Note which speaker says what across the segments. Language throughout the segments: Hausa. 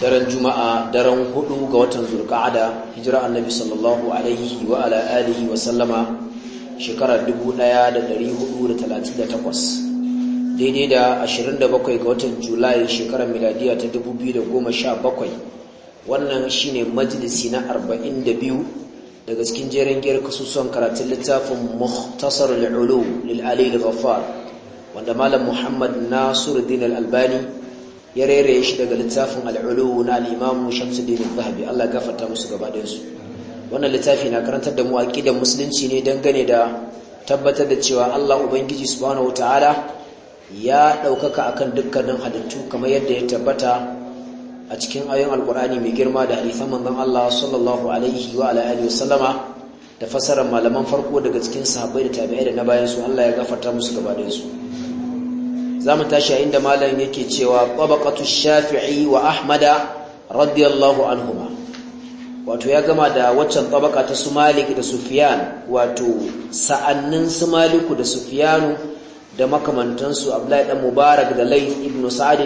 Speaker 1: daren juma'a daren hudu ga watan zulqa'ada hijira annabi sallallahu alaihi wa ala alihi wa sallama shekarar 1438 daidai da 27 ga watan julai shekarar miladiya ta 2017 wannan shine majalisi na 42 daga cikin jerin giyar kasusuwan karatun littafin muhtasar al'ulu lil'ali da ghaffar wanda malam muhammad nasiruddin al'albani ya rere shi daga littafin al'ulu na al shamsu Shamsuddin zahabi Allah gafarta musu gaba ɗayan su wannan littafi na karantar da mu da musulunci ne dangane da tabbatar da cewa Allah ubangiji subhanahu wataala ya ɗaukaka akan dukkanin halittu kamar yadda ya tabbata a cikin ayoyin alkur'ani mai girma da hadisan manzon Allah sallallahu alaihi wa ala alihi wasallama da fasarar malaman farko daga cikin sahabbai da tabi'ai da na bayan su Allah ya gafarta musu gaba su za mu tashi inda malam yake cewa tabaqatu shafi'i wa ahmada radiyallahu anhuma wato ya gama da waccan babaka ta su malik da sufiyan wato sa'annin su maliku da sufiyanu da makamantansu abdullahi dan mubarak da layth ibn sa'd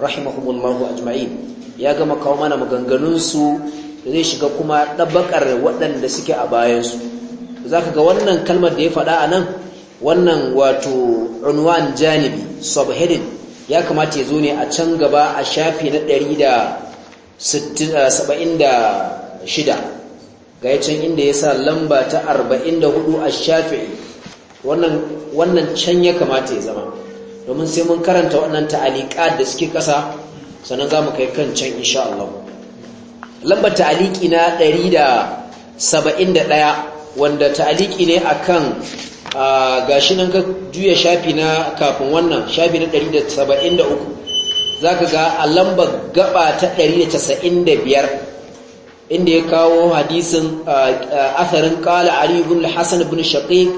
Speaker 1: rahimahumullahu ajma'in ya gama kawo mana maganganun su zai shiga kuma ɗabakar waɗanda suke a bayansu za ka ga wannan kalmar da ya faɗa a nan wannan wato unwan janibi subheading ya kamata ya zo ne a can gaba a shafi na 176 ga yacin inda ya sa lamba ta 44 a shafi wannan can ya kamata ya zama domin sai mun karanta waɗannan ta'aliƙa da suke ƙasa sannan za mu kai kan can insha Allah Lamba ta'aliki na 171 wanda ta'aliƙi ne akan ga shi nan ka juya shafi na kafin wannan shafi na 173 za ka ga a lambar gaba ta 195 inda ya kawo hadisin asarin kala Aliyu ibn hassan bin shaqiq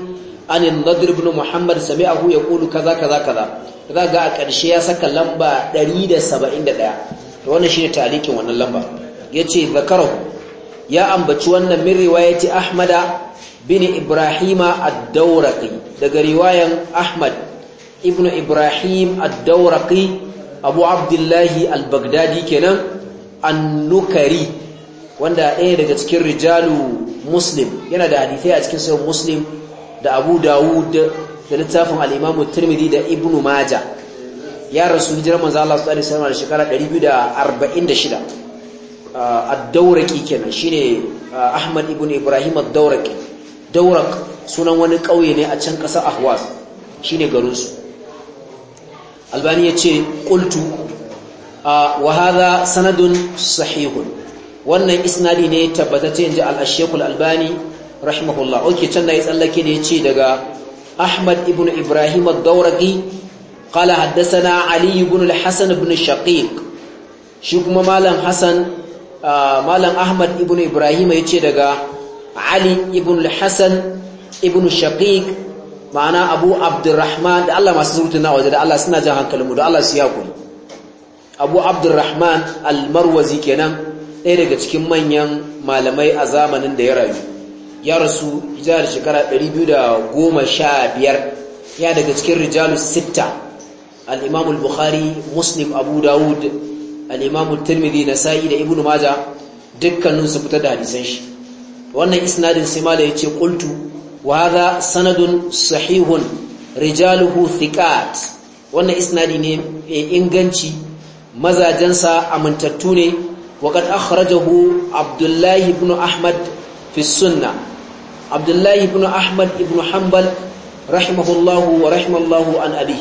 Speaker 1: an nadir ibn muhammad sami'ahu yaqulu kaza kaza kaza za ga a ƙarshe ya saka lamba 171 to wannan ne talikin wannan lamba Ya ce zakarau ya ambaci wannan min riwayati ahmada bin ibrahima ad-dawraqi daga riwayan ahmad ibnu ibrahim ad-dawraqi abu abdullahi al-baghdadi kenan an-nukari wanda ɗaya daga cikin rijalu muslim yana da hadithai a cikin sahih muslim da abu dawud da littafin al-imam tirmidhi da ibnu majah ya rasu hijirar manzo Allah sallallahu alaihi wasallam da shekara 246 uh, ad-dawraqi kenan shine uh, ahmad ibn ibrahim ad-dawraqi daurak sunan wani ƙauye ne a can ƙasar ahwas shine garinsu albani ya ce ƙultu wa hadha sanadun sahihun wannan isnadi ne ce inji al albani rahimahullah oke can da ya tsallake ne ce daga ahmad ibn ibrahim ad-dawraqi qala haddathana ali ibn al-hasan ibn shaqiq shi kuma malam malam ahmad ibn ibrahim yace daga ali ibn al-hasan ibn shaqiq ma'ana abu abdurrahman da Allah masu surutun na waje da Allah suna jan hankalinmu da Allah su yakuri abu abdurrahman al-marwazi kenan ɗaya daga cikin manyan malamai a zamanin da ya rayu ya rasu hijirar shekara 215 ya daga cikin rijalu sitta al-imam al-bukhari muslim abu dawud al-imam al-tirmidhi nasa'i da ibnu maja dukkanin su fitar da hadisan shi wannan isnadin sai mala yace qultu wa hadha sanadun sahihun rijaluhu thiqat wannan isnadi ne e inganci mazajensa amintattu ne wa qad akhrajahu abdullahi ibn ahmad fi sunna abdullahi ibn ahmad ibn hanbal rahimahullahu wa rahimallahu an abi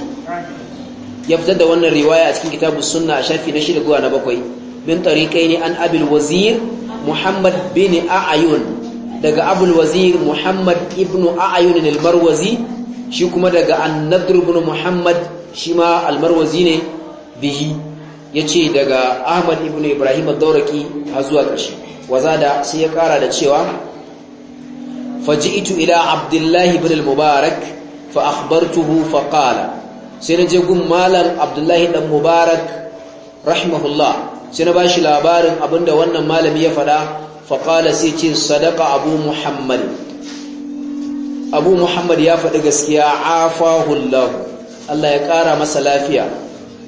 Speaker 1: ya da wannan riwaya a cikin kitabus sunna a shafi na shida zuwa na bakwai min tariqai ne an abil wazir muhammad bin a'yun daga abul wazir muhammad ibnu a'yun al-marwazi shi kuma daga an-nadr ibn muhammad shi ma al-marwazi ne bihi yace daga ahmad ibnu ibrahim ad-dawraki har zuwa wazada sai ya kara da cewa faji'tu ila abdullahi ibn al-mubarak fa akhbartuhu fa qala sai na je gun malam abdullahi dan mubarak rahimahullah sai na bashi labarin abinda wannan malami ya faɗa faƙala sai ce sadaka abu muhammad abu muhammad ya faɗi gaskiya afahullahu Allah ya ƙara masa lafiya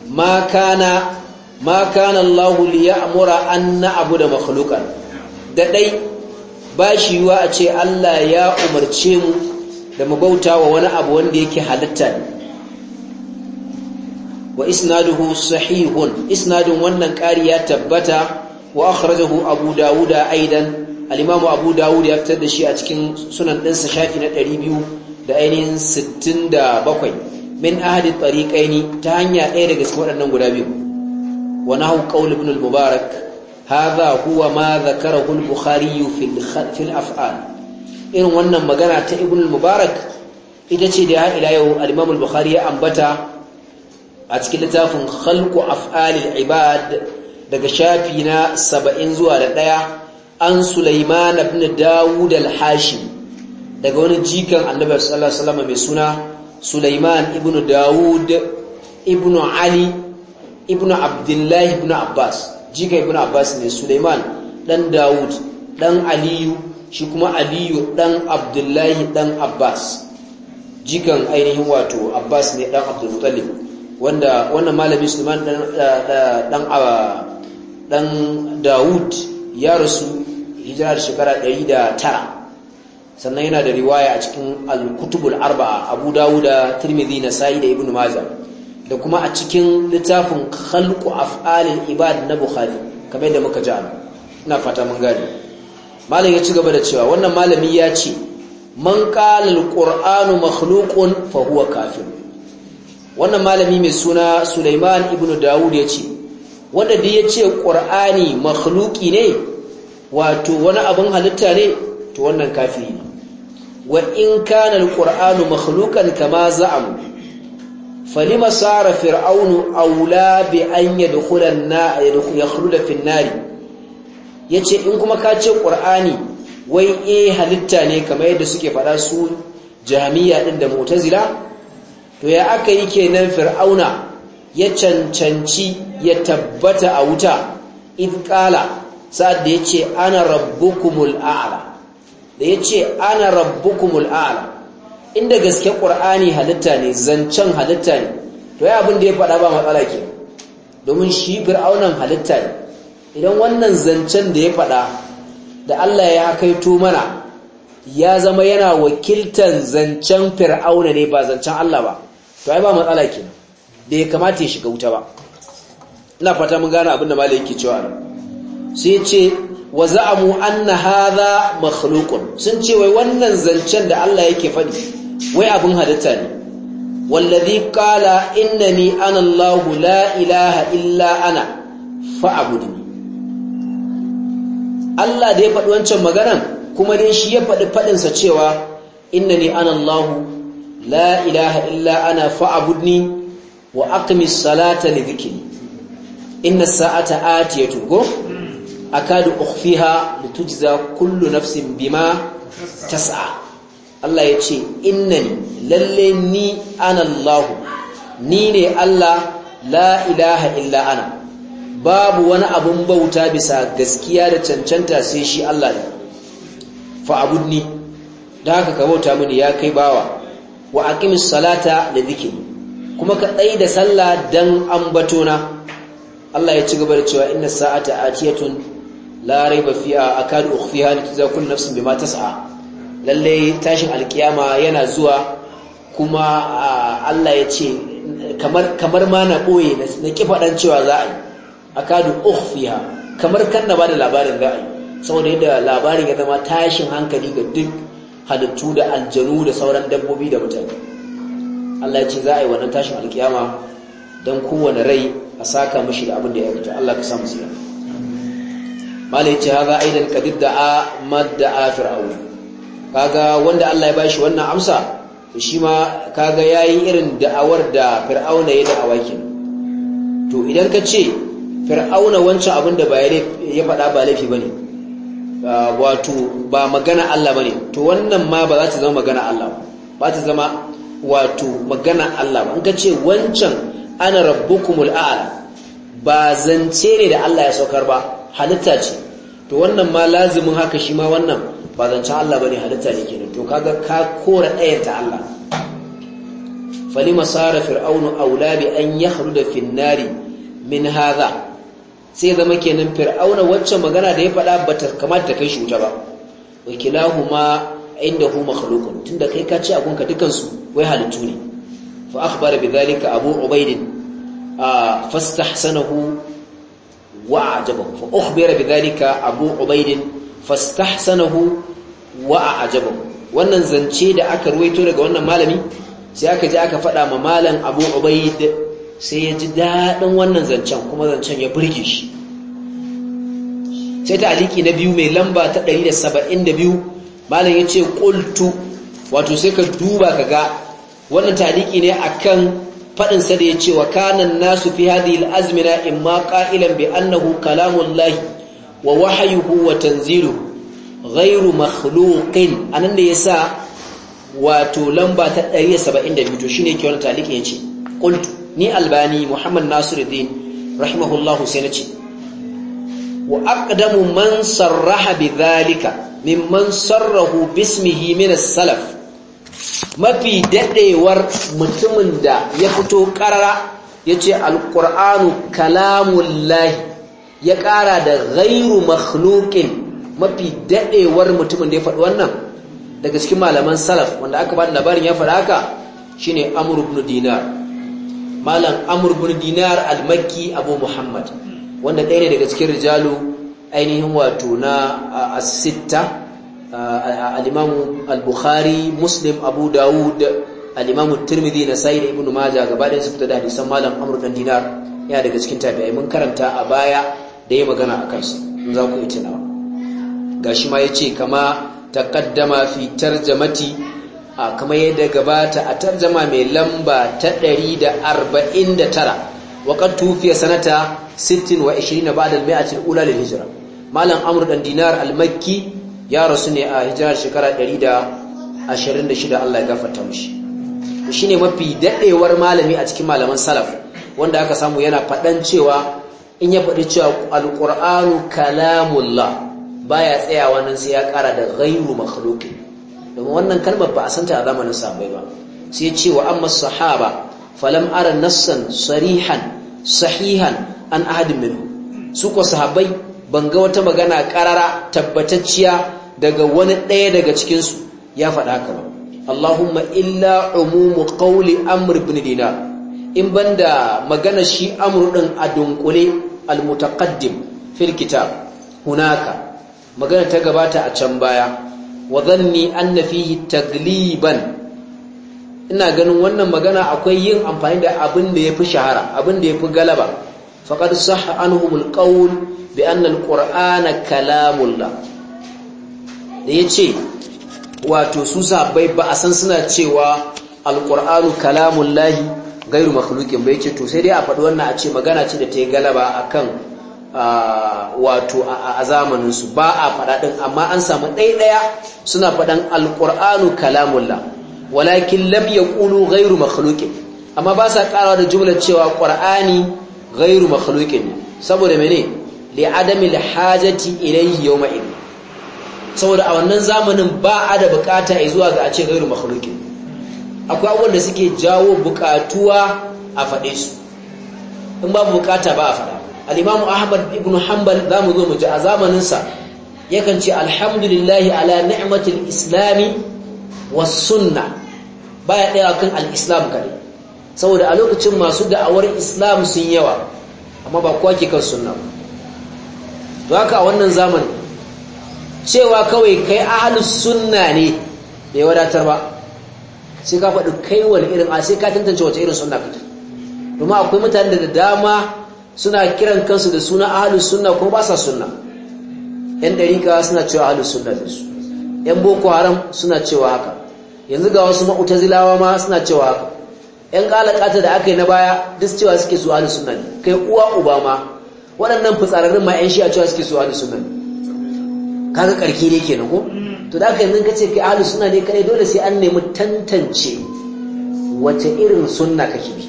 Speaker 1: ma kana ma kana Allah anna abu da makhluqan da dai ba shi yiwa a ce Allah ya umarce mu da mu bauta wa wani abu wanda yake halitta wa isnaduhu sahihun isnadun wannan ƙari ya tabbata wa akhrajahu abu dawud aidan al-imam abu dawud ya fitar da shi a cikin sunan din shafi na ɗari biyu da ainihin sittin da bakwai min ahadi tariqaini ta hanya ɗaya daga cikin waɗannan guda biyu wa nahu qaul ibn mubarak hadha huwa ma dhakarahu al-bukhari fi al-af'al irin wannan magana ta ibn mubarak ita ce da ila yau al-imam al-bukhari ya ambata a cikin littafin khalqu af'alil ibad daga shafi na saba'in zuwa da ɗaya an Sulaiman abin Dawud al-Hashim daga wani jikan annabar sallallahu alaihi wasallam mai suna Sulaiman ibn Dawud ibn Ali ibn Abdullahi, ibn Abbas jikan ibn Abbas ne Sulaiman dan Dawud dan Aliyu shi kuma Aliyu dan Abdullahi, dan Abbas jikan ainihin wato Abbas ne dan Abdullahi, wanda wannan malami Sulaiman dan dan dan Dawud ya rasu hijira da shekara 109 sannan yana da riwaya a cikin al-kutubul arba'a Abu Dawud da Tirmidhi Sa'id da Ibn Majah da kuma a cikin littafin khalqu af'alil ibad na Bukhari kamar da muka ji ina fata mun gane malam ya ci gaba da cewa wannan malami ya ce man qala al-qur'anu makhluqun fa huwa kafir wannan malami mai suna Sulaiman ibn Dawud ya ce wanda da ya ce ƙur'ani makhluki ne wato wani abin halitta ne to wannan kafi ne wa in kana alqur'anu makhlukan kama za'am falima sara fir'aunu aula bi an yadkhula an-nar yakhluda fi an-nar yace in kuma ka ce ƙur'ani wai e halitta ne kamar yadda suke faɗa su jami'a din da mu'tazila to ya aka yi kenan fir'auna ya cancanci ya tabbata a wuta in kala sa'ad da ya ce ana rabbukumul a'ala da ce ana rabbukumul a'ala inda gaske ƙur'ani halitta ne zancen halitta ne to ya abin da ya faɗa ba matsala ke domin shi fir'aunan halitta ne idan wannan zancen da ya faɗa da Allah ya kaito mana ya zama yana wakiltan zancen fir'auna ne ba zancen Allah ba to ya ba matsala kenan da ya kamata ya shiga wuta ba ina fata mun gane abin da malai yake cewa sai ce wa za'amu anna hadha makhluqun sun ce wai wannan zancen da Allah yake faɗi wai abin halitta ne wallazi qala innani ana Allahu la ilaha illa ana fa'budni Allah da ya faɗi wancan maganan kuma dai shi ya faɗi faɗinsa cewa innani ana Allahu la ilaha illa ana fa'budni wa aqimis salata li dhikri inna sa'ata atiyatu go akadu ukhfiha litujza kullu nafsin bima tas'a Allah yace ce innani lalle ni ana Allah ni ne Allah la ilaha illa ana babu wani abun bauta bisa gaskiya da cancanta sai shi Allah ne Fa abudni da haka ka bauta mini ya kai bawa wa aqimis salata li dhikri kuma ka tsaye da sallah dan ambatona Allah ya ci gaba da cewa ina sa'ata atiyatun a kada fiha akadu ukhfiha litujza kullu nafsin bima sa'a. lalle tashin alkiyama yana zuwa kuma Allah ya ce kamar ma na ɓoye na ɗan cewa za a yi a uku ukhfiha kamar kan na ba da labarin za a yi saboda yadda labarin ya zama tashin hankali ga duk halittu da aljanu da sauran dabbobi da mutane Allah ya ce za a yi wannan tashin alkiyama don kowane rai a saka mashi da abin da ya rubuta Allah ka samu mu mala ya ce haza aidan kadid da a madda a fir'aun kaga wanda Allah ya bashi wannan amsa shi ma kaga yi irin da'awar da fir'auna ya da'awa ke to idan ka ce fir'auna wancan abin da ya faɗa ba laifi ba ne wato ba magana Allah ba ne to wannan ma ba za ta zama magana Allah ba ta zama wato magana Allah ba ka ce wancan ana rabbukumul a'la ba zance ne da Allah ya saukar ba halitta ce to wannan ma lazimin haka shi ma wannan ba zancen Allah bane halitta ne kenan to kaga ka kora ɗayanta ta Allah falima sara fir'aunu aula bi an haru da finnari min haza sai zama kenan fir'auna wancan magana da ya faɗa bata kamata ta kai shi wuta ba ma. inda indahu makhluqun tunda kai ka ce a gunka dukan su wai halittu ne fa akhbara bidhalika abu ubaid fastahsanahu wa ajabahu fa ukhbira bidhalika abu ubaid fastahsanahu wa ajabahu wannan zance da aka ruwaito daga wannan malami sai aka je aka faɗa ma malam abu ubaid sai ya ji daɗin wannan zancen kuma zancen ya burge shi sai ta aliki na biyu mai lamba ta 172 malam yace qultu wato sai ka duba ka ga. wannan taliki ne akan fadin sa da ce wa kanan nasu fi hadhihi al-azmina imma qa'ilan bi annahu kalamullahi wa wahyuhu wa tanziru gairu makhluqin anan da yasa wato lamba ta 172 to shine ke wannan taliki yace qultu ni albani muhammad nasiruddin rahimahullahu sai nace wa aqdamu man sarraha bidhalika mimman sarrahu bismihi min as-salaf mafi dadewar mutumin da ya fito karara yace al-qur'anu kalamullahi ya kara da ghairu makhluqin mafi dadewar mutumin da ya faɗi wannan daga cikin malaman salaf wanda aka bada labarin ya faɗa haka shine Amr ibn Dinar malam Amr ibn Dinar al-Makki Abu Muhammad wanda ɗaya ne daga cikin rijalu ainihin wato na asitta al al-bukhari muslim abu dawud al’imamu turmidi na na da ibn maja gaba ɗaya su fita da hadisan malam amurkan dinar yana daga cikin tabi'ai mun karanta a baya da ya magana a kansu in za ku yi ga shi ma ce kama ta kaddama fi tarjamati a kama yadda gabata a tarjama mai lamba ta 149 وقد توفي سنه 26 بعد المئه الاولى للهجره مالن امر دان دينار المكي يا رسولي ا هجره شكره 126 الله يغفرته تمشي shine mafi dadewar malami a cikin malaman salaf wanda aka samu yana fadan cewa in ya fadi cewa alqur'anu kalamullah baya tsayawa nan sai ya kara da ghayru makhluqin domin wannan kalmar ba a san ta a zamanin sahabbai ba sai ya ce wa amma sahaba falam ara nassan sarihan sahihan an ahadin minhu su ko sahabbai ban ga wata magana karara tabbatacciya daga wani ɗaya daga cikin su ya faɗa haka ba Allahumma illa umumu qawli amr ibn dinar in banda magana shi amr din a dunkule almutaqaddim fil kitab hunaka magana ta gabata a can baya wa dhanni anna fihi tagliban ina ganin wannan magana akwai yin amfani da abin da ya fi shahara abin da ya fi galaba Fakar an hukul qawl bi anna alqur'ana kalamullah da ya ce wato su sabai ba a san suna cewa alqur'anu kalamullahi gairu makhluqin ba ce to sai dai a faɗi wannan a ce magana ce da ta yi galaba a kan wato a zamanin su ba a faɗaɗin amma an samu ɗaiɗaya suna faɗan alqur'anu kalamullah walakin lam yaqulu gairu makhluqin amma ba sa karawa da jumlar cewa qur'ani ghairu makhluqin saboda mene li adamil hajati ilayhi yawma saboda a wannan zamanin ba a da bukata ai zuwa ga a ce gairu makhluqin akwai abubuwan da suke jawo bukatuwa a faɗe su in babu bukata ba a faɗa al-imamu ahmad ibn hanbal zamu zo mu ji a zamanin sa yakan ce alhamdulillahi ala ni'matil islami wasunna ya ɗaya kan al'islam kare saboda a lokacin masu da'awar islam sun yawa amma ba kowa ke kan sunna ba haka a wannan zamani cewa kawai kai ahalus sunna ne bai wadatar ba sai ka faɗi kai wani irin a sai ka tantance wace irin sunna kake domin akwai mutane da dama suna kiran kansu da suna ahalus sunna kuma ba sa sunna yan ɗarika suna cewa ahalus sunna da yan boko haram suna cewa haka yanzu ga wasu zilawa ma suna cewa yan ƙala-ƙata da aka yi na baya duk cewa suke su ahlus sunan kai uwa uba ma waɗannan fitsararrun ma yan a cewa suke su ahlus sunan kaga ƙarki ne kenan ku? to da aka yanzu ka ce kai hali sunan ne kai dole sai an nemi tantance wace irin sunna kake bi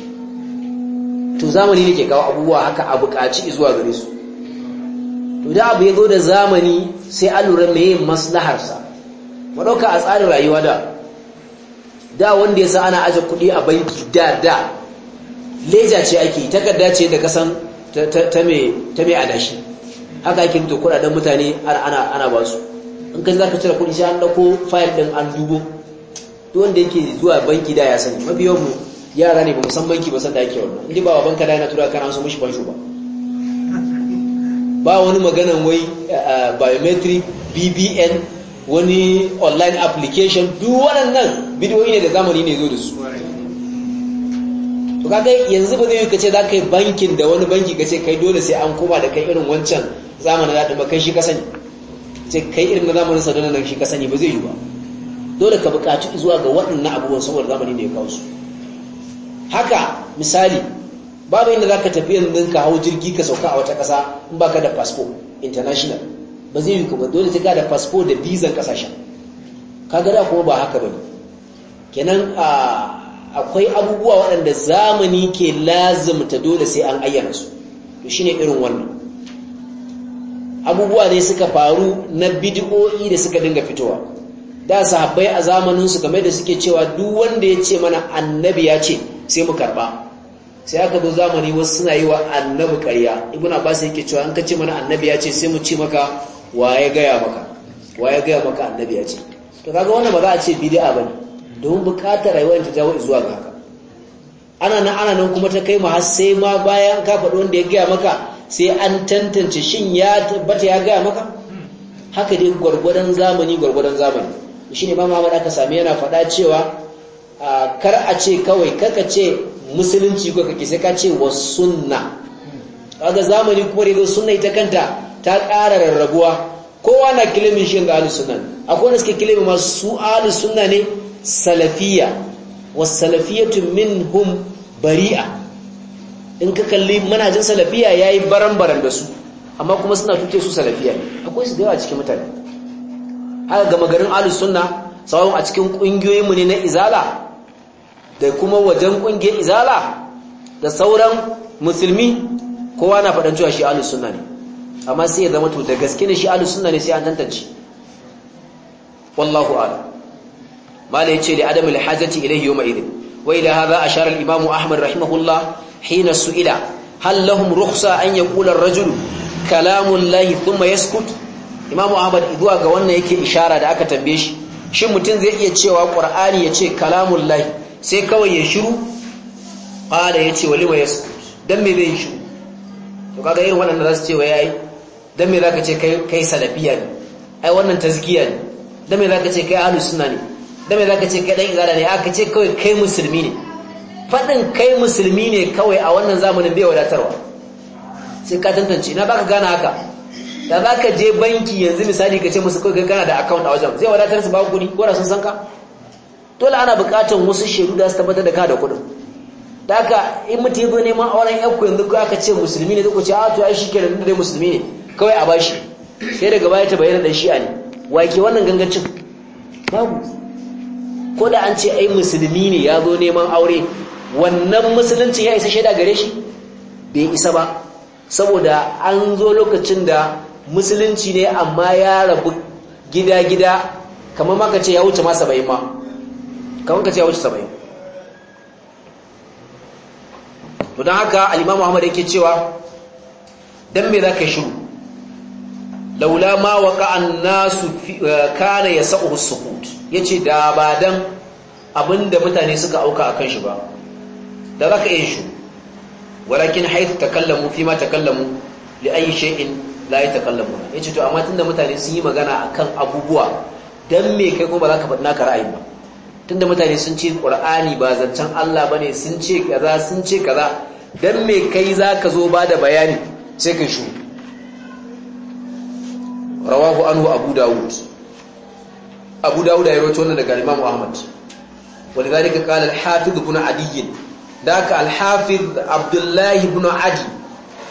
Speaker 1: to zamani ne ke kawo abubuwa haka a buƙaci zuwa gare su to da abu ya zo da zamani sai an lura yin maslaharsa ɗauka a tsarin rayuwa da da wanda ya sa ana aje kuɗi a banki da da leja ce ake takarda ce da kasan ta mai adashi haka ake rubuta kudaden mutane ana ba su in ka za ka cire kuɗi sai an ɗauko fayil ɗin an dubo to wanda yake zuwa banki da ya sani mafi yawan mu yara ne ba mu san banki ba san da ake wannan inda ba banka da yana tura kana so mishi bansho ba ba wani maganan wai eh, eh, biometric bbn wani online application duk waɗannan bidiyoyi ne da zamani ne zo da su to kaga yanzu ba zai yi kace za ka bankin da wani banki kace kai dole sai an koma da kai irin wancan zamanin da ba kai shi ka sani ce kai irin na zamanin sadana nan shi ka sani ba zai yi ba dole ka buƙaci zuwa ga waɗannan abubuwan saboda zamani ne ya kawo su haka misali babu inda za ka tafi yanzu ka hau jirgi ka sauka a wata ƙasa in baka da fasfo international ba zai yi ba dole ta gada fasfo da bizan kasashen kaga da kuma ba haka bane kenan akwai abubuwa waɗanda zamani ke lazimta dole sai an ayyana su to ne irin wannan abubuwa ne suka faru na bidiyo'i da suka dinga fitowa da sahabbai a zamaninsu game da suke cewa duk wanda ya ce mana annabi ya ce sai mu karba sai aka zo zamani wasu suna yi wa annabi karya ibuna ba su yake cewa an ce mana annabi ya ce sai mu ce maka wa ya gaya maka wa gaya maka annabi ya ce to kaga wannan ba za a ce bid'a bane don bukatar rayuwar ta jawo zuwa ga haka ana nan ana nan kuma ta kai mu har sai ma bayan ka fadi wanda ya gaya maka sai an tantance shin ya tabbata ya gaya maka haka dai gwargwadon zamani gwargwadon zamani shine ma aka sami yana faɗa cewa kar a ce kawai kaka ce musulunci ko kake sai ka ce wa sunna kaga zamani kuma da sunna ita kanta ta ƙara rarrabuwa kowa na kilimin shi ga ahlus akwai wanda suke kilimin masu su ahlus ne salafiyya was salafiyatu minhum bari'a in ka kalli manhajin salafiya yayi baran-baran da su amma kuma suna tuce su salafiya akwai su da yawa cikin mutane haka gama garin ahlus sunna sawon a cikin kungiyoyinmu ne na izala da kuma wajen kungiyar izala da sauran musulmi kowa na faɗancewa cewa shi ahlus ne amma sai ya zama to da gaske ne shi ahlus sunna ne sai an tantance wallahu a'lam mala yace da adamul hajati ilayhi yawma idin wa ila hadha ashara al-imam ahmad rahimahullah hina su'ila hal lahum rukhsa an yaqula ar-rajulu kalamu llahi thumma yaskut imam ahmad zuwa ga wannan yake ishara da aka tambaye shi shin mutum zai iya cewa qur'ani yace kalamun llahi sai kawai ya shiru qala yace walima yaskut dan me zai shiru to kaga irin wannan da zasu ce wai yayi dan me zaka ce kai salafiyan ne ai wannan tazkiya ne dan me zaka ce kai alu suna ne dan me zaka ce kai dan izala ne aka ce kawai kai musulmi ne fadin kai musulmi ne kawai a wannan zamanin bai wadatarwa sai ka tantance na baka gana haka da za ka je banki yanzu misali ka ce musu kawai kai kana da akawun a wajen zai wadatar su ba kuɗi ko da sun san ka dole ana buƙatar wasu shaidu da su tabbatar da ka da kuɗin da in mutum ya zo neman auren yankun yanzu ko aka ce musulmi ne zai ko ce a ah, to ai shi kenan da musulmi ne kawai a bashi sai daga baya ta bayyana dan shi'a ne wake wannan gangancin babu ko da an ce ai musulmi ne ya zo neman aure wannan musulunci ya isa shaida gare shi bai isa ba saboda an zo lokacin da musulunci ne amma ya rabu gida-gida kamar maka ce ya wuce ma saba'in ma kamar ka ce ya wuce saba'in to don haka alimamu hamadu yake cewa don me za ka yi shiru laula ma waqa'an nasu eh, kana yas'u as-sukut yace da ba dan abinda mutane suka auka a kan shi ba da ka yi shi warakin haiti takallamu fi ma takallamu da ayi sha'in la ya ce to amma tun da mutane sun yi magana a kan abubuwa don me kai kuma ba za ka faɗi naka ra'ayin ba tun da mutane sun ce qur'ani ba zancen Allah ne sun ce kaza sun ce kaza don me kai za ka zo ba da bayani sai ka shu. rawahu anhu abu dawud abu dawud ya rawaito wannan daga imam ahmad walidhalika qala al-hafiz ibn adi daka al-hafiz abdullah ibn adi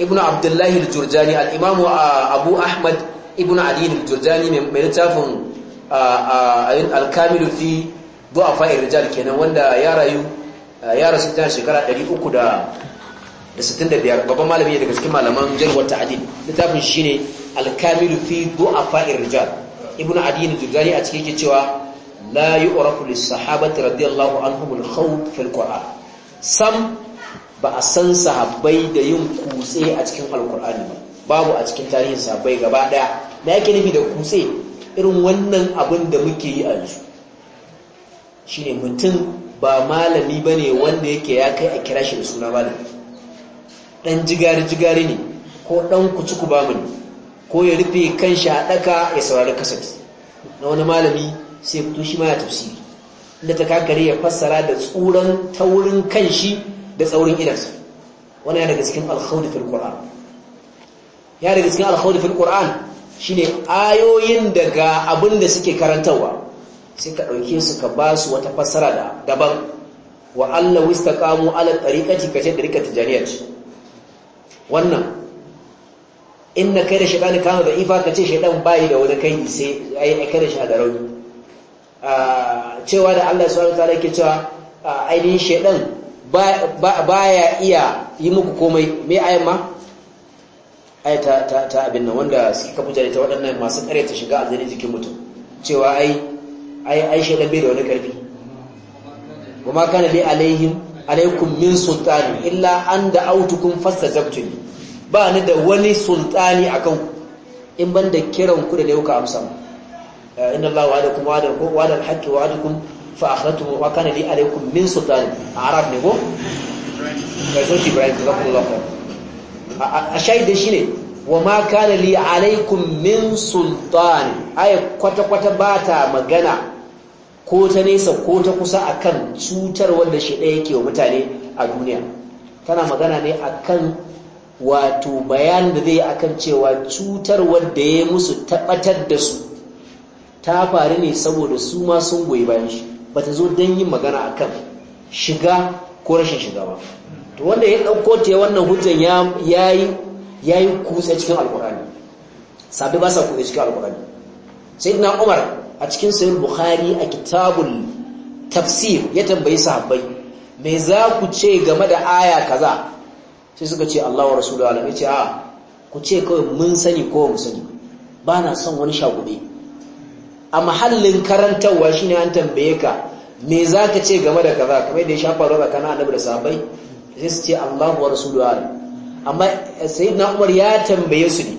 Speaker 1: ibn abdullah al-jurjani al-imam uh, abu ahmad ibn adi al-jurjani mai littafin uh, uh, al-kamil fi du'afa ar-rijal kenan wanda ya rayu ya rasu ta shekara babban malami daga cikin malaman jarh wa ta'dil littafin shine alkamilu fi du'afa irrijal ibnu adiyin jurjani a cikin yake cewa la yu'rafu lis-sahabati radiyallahu anhum al-khawf al qur'an sam ba a san sahabbai da yin kutse a cikin alkur'ani ba babu a cikin tarihin sahabbai gaba daya da yake nufi da kutse irin wannan abin da muke yi a yanzu shine mutum ba malami bane wanda yake ya kai a kira shi da suna malami dan jigari jigari ne ko dan kuci ku ba mu ne ko ya rufe kanshi a ɗaka ya saurari kasar na wani malami sai fito shi ma ya tafsiri inda ta kakare ya fassara da tsuran taurin kan shi da tsaurin idansa wani ya daga cikin alkhawdi fil ya daga cikin alkhawdi fil shi shine ayoyin daga abin da suke karantawa sai ka ɗauke su ka ba su wata fassara da daban wa Allah wista kamo ala ɗariƙaci kashe ɗariƙa tijaniya ce wannan inna kai da shaɗani kama da ifa ka ce shaɗan bayi da wani kai sai ai kai da shi da rauni cewa da Allah subhanahu ta'ala yake cewa ainihin ba baya iya yi muku komai me ayin ma ai ta ta ta abin nan wanda suka kafa jare ta waɗannan masu ƙare ta shiga a zane jikin mutum cewa ai ai ai shaɗan bai da wani ƙarfi kuma kana bi alaihim alaikum min sultani illa an da autukum fastajabtum ba ni da wani sultani a ku in ban da kiran ku da dai kuka amsa eh, inna Allah wa'adakum wa'adakum wa'adal haqqi wa'adakum fa akhratuhu wa kana li alaikum min sultani A arab ne ko kai eh, so Ibrahim zakallahu khair a shaida shine wa ma kana li alaikum min sultani ay kwata kwata ba ta magana ko ta nesa ko ta kusa akan cutar wanda shi ɗaya yake wa mutane a duniya tana magana ne akan wato bayan da zai yi akan cewa cutar wadda ya musu tabbatar da su ta faru ne saboda su ma sun goyi bayan shi ba ta zo don yin magana akan shiga ko rashin shiga ba to wanda ya ɗauko ta wannan hujjan ya yi kutse cikin alkurani sabi ba sa kutse cikin alkurani sai na umar a cikin sayin buhari a kitabun tafsir ya tambayi sahabbai me za ku ce game da aya kaza sai suka ce Allah wa rasuluhu alam ce a ku ce kawai mun sani ko mun sani ba na son wani shagube a mahallin karantarwa shine an tambaye ka me zaka ce game da kaza kamar da ya shafa roba kana annabi da sahabbai sai su ce Allah wa rasuluhu alam amma sayyidina Umar ya tambaye su ne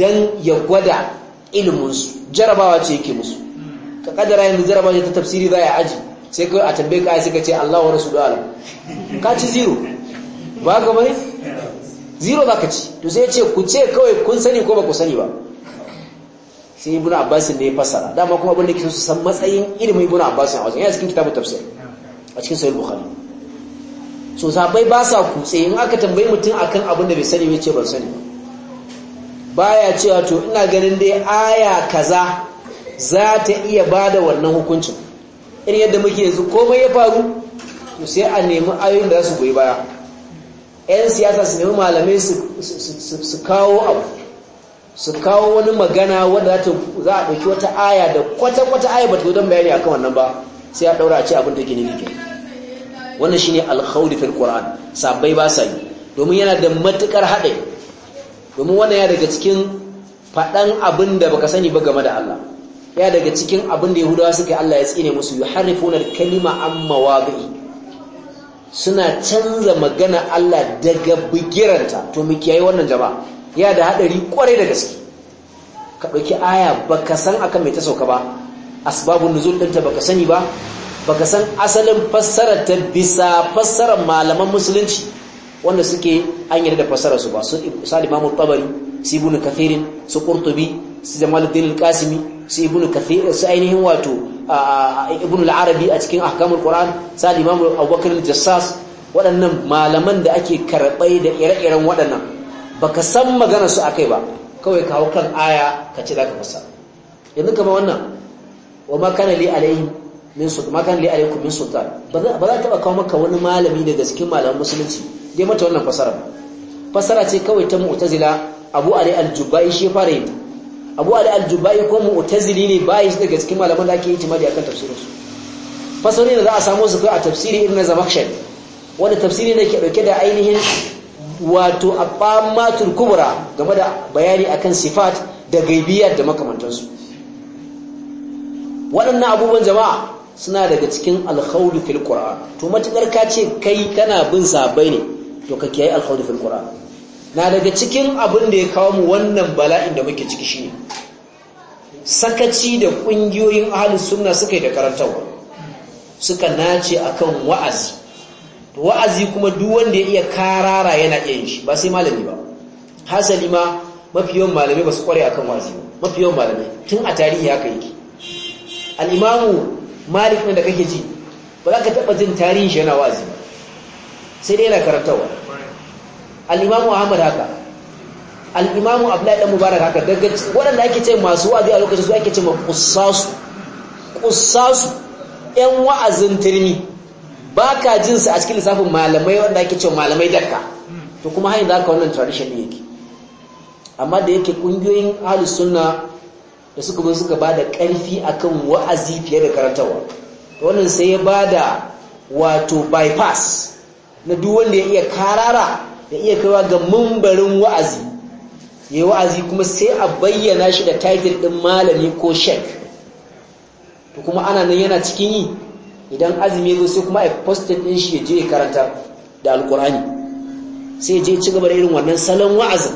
Speaker 1: dan ya gwada ilmin su jarabawa ce yake musu ka kadara yanzu jarabawa ce ta tafsiri za ya aji sai kai a tambaye ka sai ka ce Allah wa rasuluhu alam ka ci zero ba ga bane zero zaka ci to sai ya ce ku ce kawai kun sani ko ba ku sani ba sai ibnu abbas ne ya fasara dama kuma abin da yake su san matsayin ilimin ibnu abbas a wajen ya cikin kitabun tafsir a cikin sahih bukhari so sabai ba sa sai in aka tambayi mutum akan abin da bai sani bai ce ban sani ba. baya cewa to ina ganin dai aya kaza za ta iya bada wannan hukuncin in yadda muke yanzu komai ya faru to sai a nemi ayoyin da za su goyi baya 'yan siyasa su nemi malamai su kawo abu su kawo wani magana wadda za a ɗauki wata aya da kwata-kwata aya ba ta don bayani a wannan ba sai a ɗaura a ce abin da gini ne wannan shine alkhawdi fil ƙoran sabai ba sa yi domin yana da matuƙar haɗe domin wannan ya daga cikin faɗan abin da baka sani ba game da Allah ya daga cikin abin da yahudawa suka yi Allah ya tsine musu yi. harifunar kalima amma mawadi suna canza magana Allah daga bigiranta to mu kiyaye wannan jama'a ya da hadari kwarai da gaske ka ɗauki aya baka san akan mai ta sauka ba asbabun nuzul dinta baka sani ba baka san asalin fassarar ta bisa fassarar malaman musulunci wanda suke an yarda da fassarar su ba su Imam Tabari su kafirin su Qurtubi su jamaluddin al-qasimi su ibn kathir su ainihin wato ibn al-arabi a cikin ahkamul qur'an sa imam abubakar al-jassas waɗannan malaman da ake karɓai da ire-iren waɗannan baka san magana su akai ba kawai kawo kan aya ka ci daga fasa yanzu kamar wannan wa ma kana li alayhi min sultan ma kana li alaykum min sultan ba za ba ta kawo maka wani malami daga cikin malaman musulunci dai mata wannan fasara fasara ce kawai ta mu'tazila abu ali al-jubai shi fara yin abu ali aljubai ko mu'tazili ne bai shi daga cikin malaman da ake ijmali akan tafsirin su fasari da za a samu su a tafsiri ibn zamakhshari wanda tafsiri ne ke dauke da ainihin wato abamatul kubra game da bayani akan sifat da gaibiyar da makamantansu waɗannan abubuwan jama'a suna daga cikin alkhawli fil qur'an to matukar ka ce kai kana bin sabai ne to ka kiyaye alkhawli fil qur'an na daga cikin abin da ya kawo mu wannan bala'in da muke ciki shi sakaci da kungiyoyin ahlus suna suka yi da karantarwa. suka nace akan wa'azi wa'azi kuma duk wanda ya iya karara yana iya yin shi ba sai malami ba hasali ma mafi yawan malamai ba su kware akan wa'azi ba mafi yawan malamai tun a tarihi haka yake al'imamu malik ne da kake ji ba za ka taɓa jin tarihi shi yana wa'azi ba sai dai yana karantarwa. al’imamu ahmad haka al’imamu abdullahi dan mubarak haka daga waɗanda ake ce masu wa'azi a lokacin su ake ce ma ƙusasu ƙusasu yan wa'azin turmi ba ka jin su a cikin lissafin malamai wanda ake ce malamai daga to kuma hanyar zaka wannan tradition yake amma da yake ƙungiyoyin ahlus sunna da suka suka bada karfi akan wa'azi fiye da karatawa to wannan sai ya ba da wato bypass na duk wanda ya iya karara ya iya kaiwa ga mambarin wa'azi ya wa'azi kuma sai a bayyana shi da title ɗin malami ko shek to kuma ana nan yana cikin yi idan azumi zo sai kuma a posted ɗin shi ya je karanta da alkur'ani sai ya je ci gaba da irin wannan salon wa'azin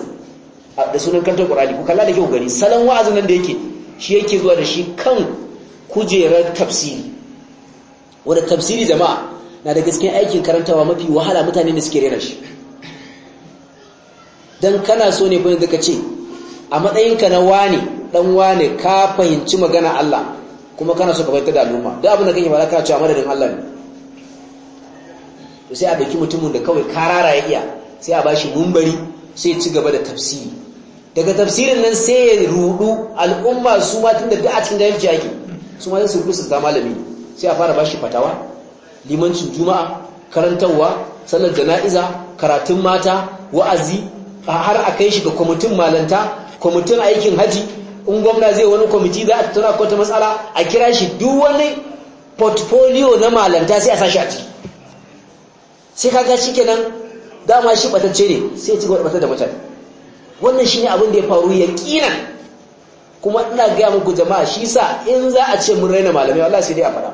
Speaker 1: da sunan kantar ƙur'ani ku kalla da kyau gani salon wa'azin nan da yake shi yake zuwa da shi kan kujerar tafsiri wanda tafsiri jama'a na da gaske aikin karantawa mafi wahala mutane da suke rena shi dan kana so ne bane duka ce a matsayinka na wane dan wane ka fahimci magana Allah kuma kana so ka bayyana da al'umma duk abin da kake fara kana cewa madadin Allah ne to sai a dauki mutumin da kawai karara ya iya sai a bashi mumbari sai ci gaba da tafsiri daga tafsirin nan sai ya rudu al'umma su ma tunda duk a cikin da yake su ma su rubuta da malami sai a fara bashi fatawa limancin juma'a karantarwa sallar jana'iza karatun mata wa'azi har a kai shi ga kwamitin malanta kwamitin aikin haji in gwamna zai wani kwamiti za a tattauna kwata matsala a kira shi duk wani portfolio na malanta sai a sashi a ciki sai kaga kenan dama shi batacce ne sai ci gaba da mutane wannan shine abin da ya faru ya kina kuma ina gaya muku jama'a shi sa in za a ce mun raina malamai wallahi sai dai a faɗa.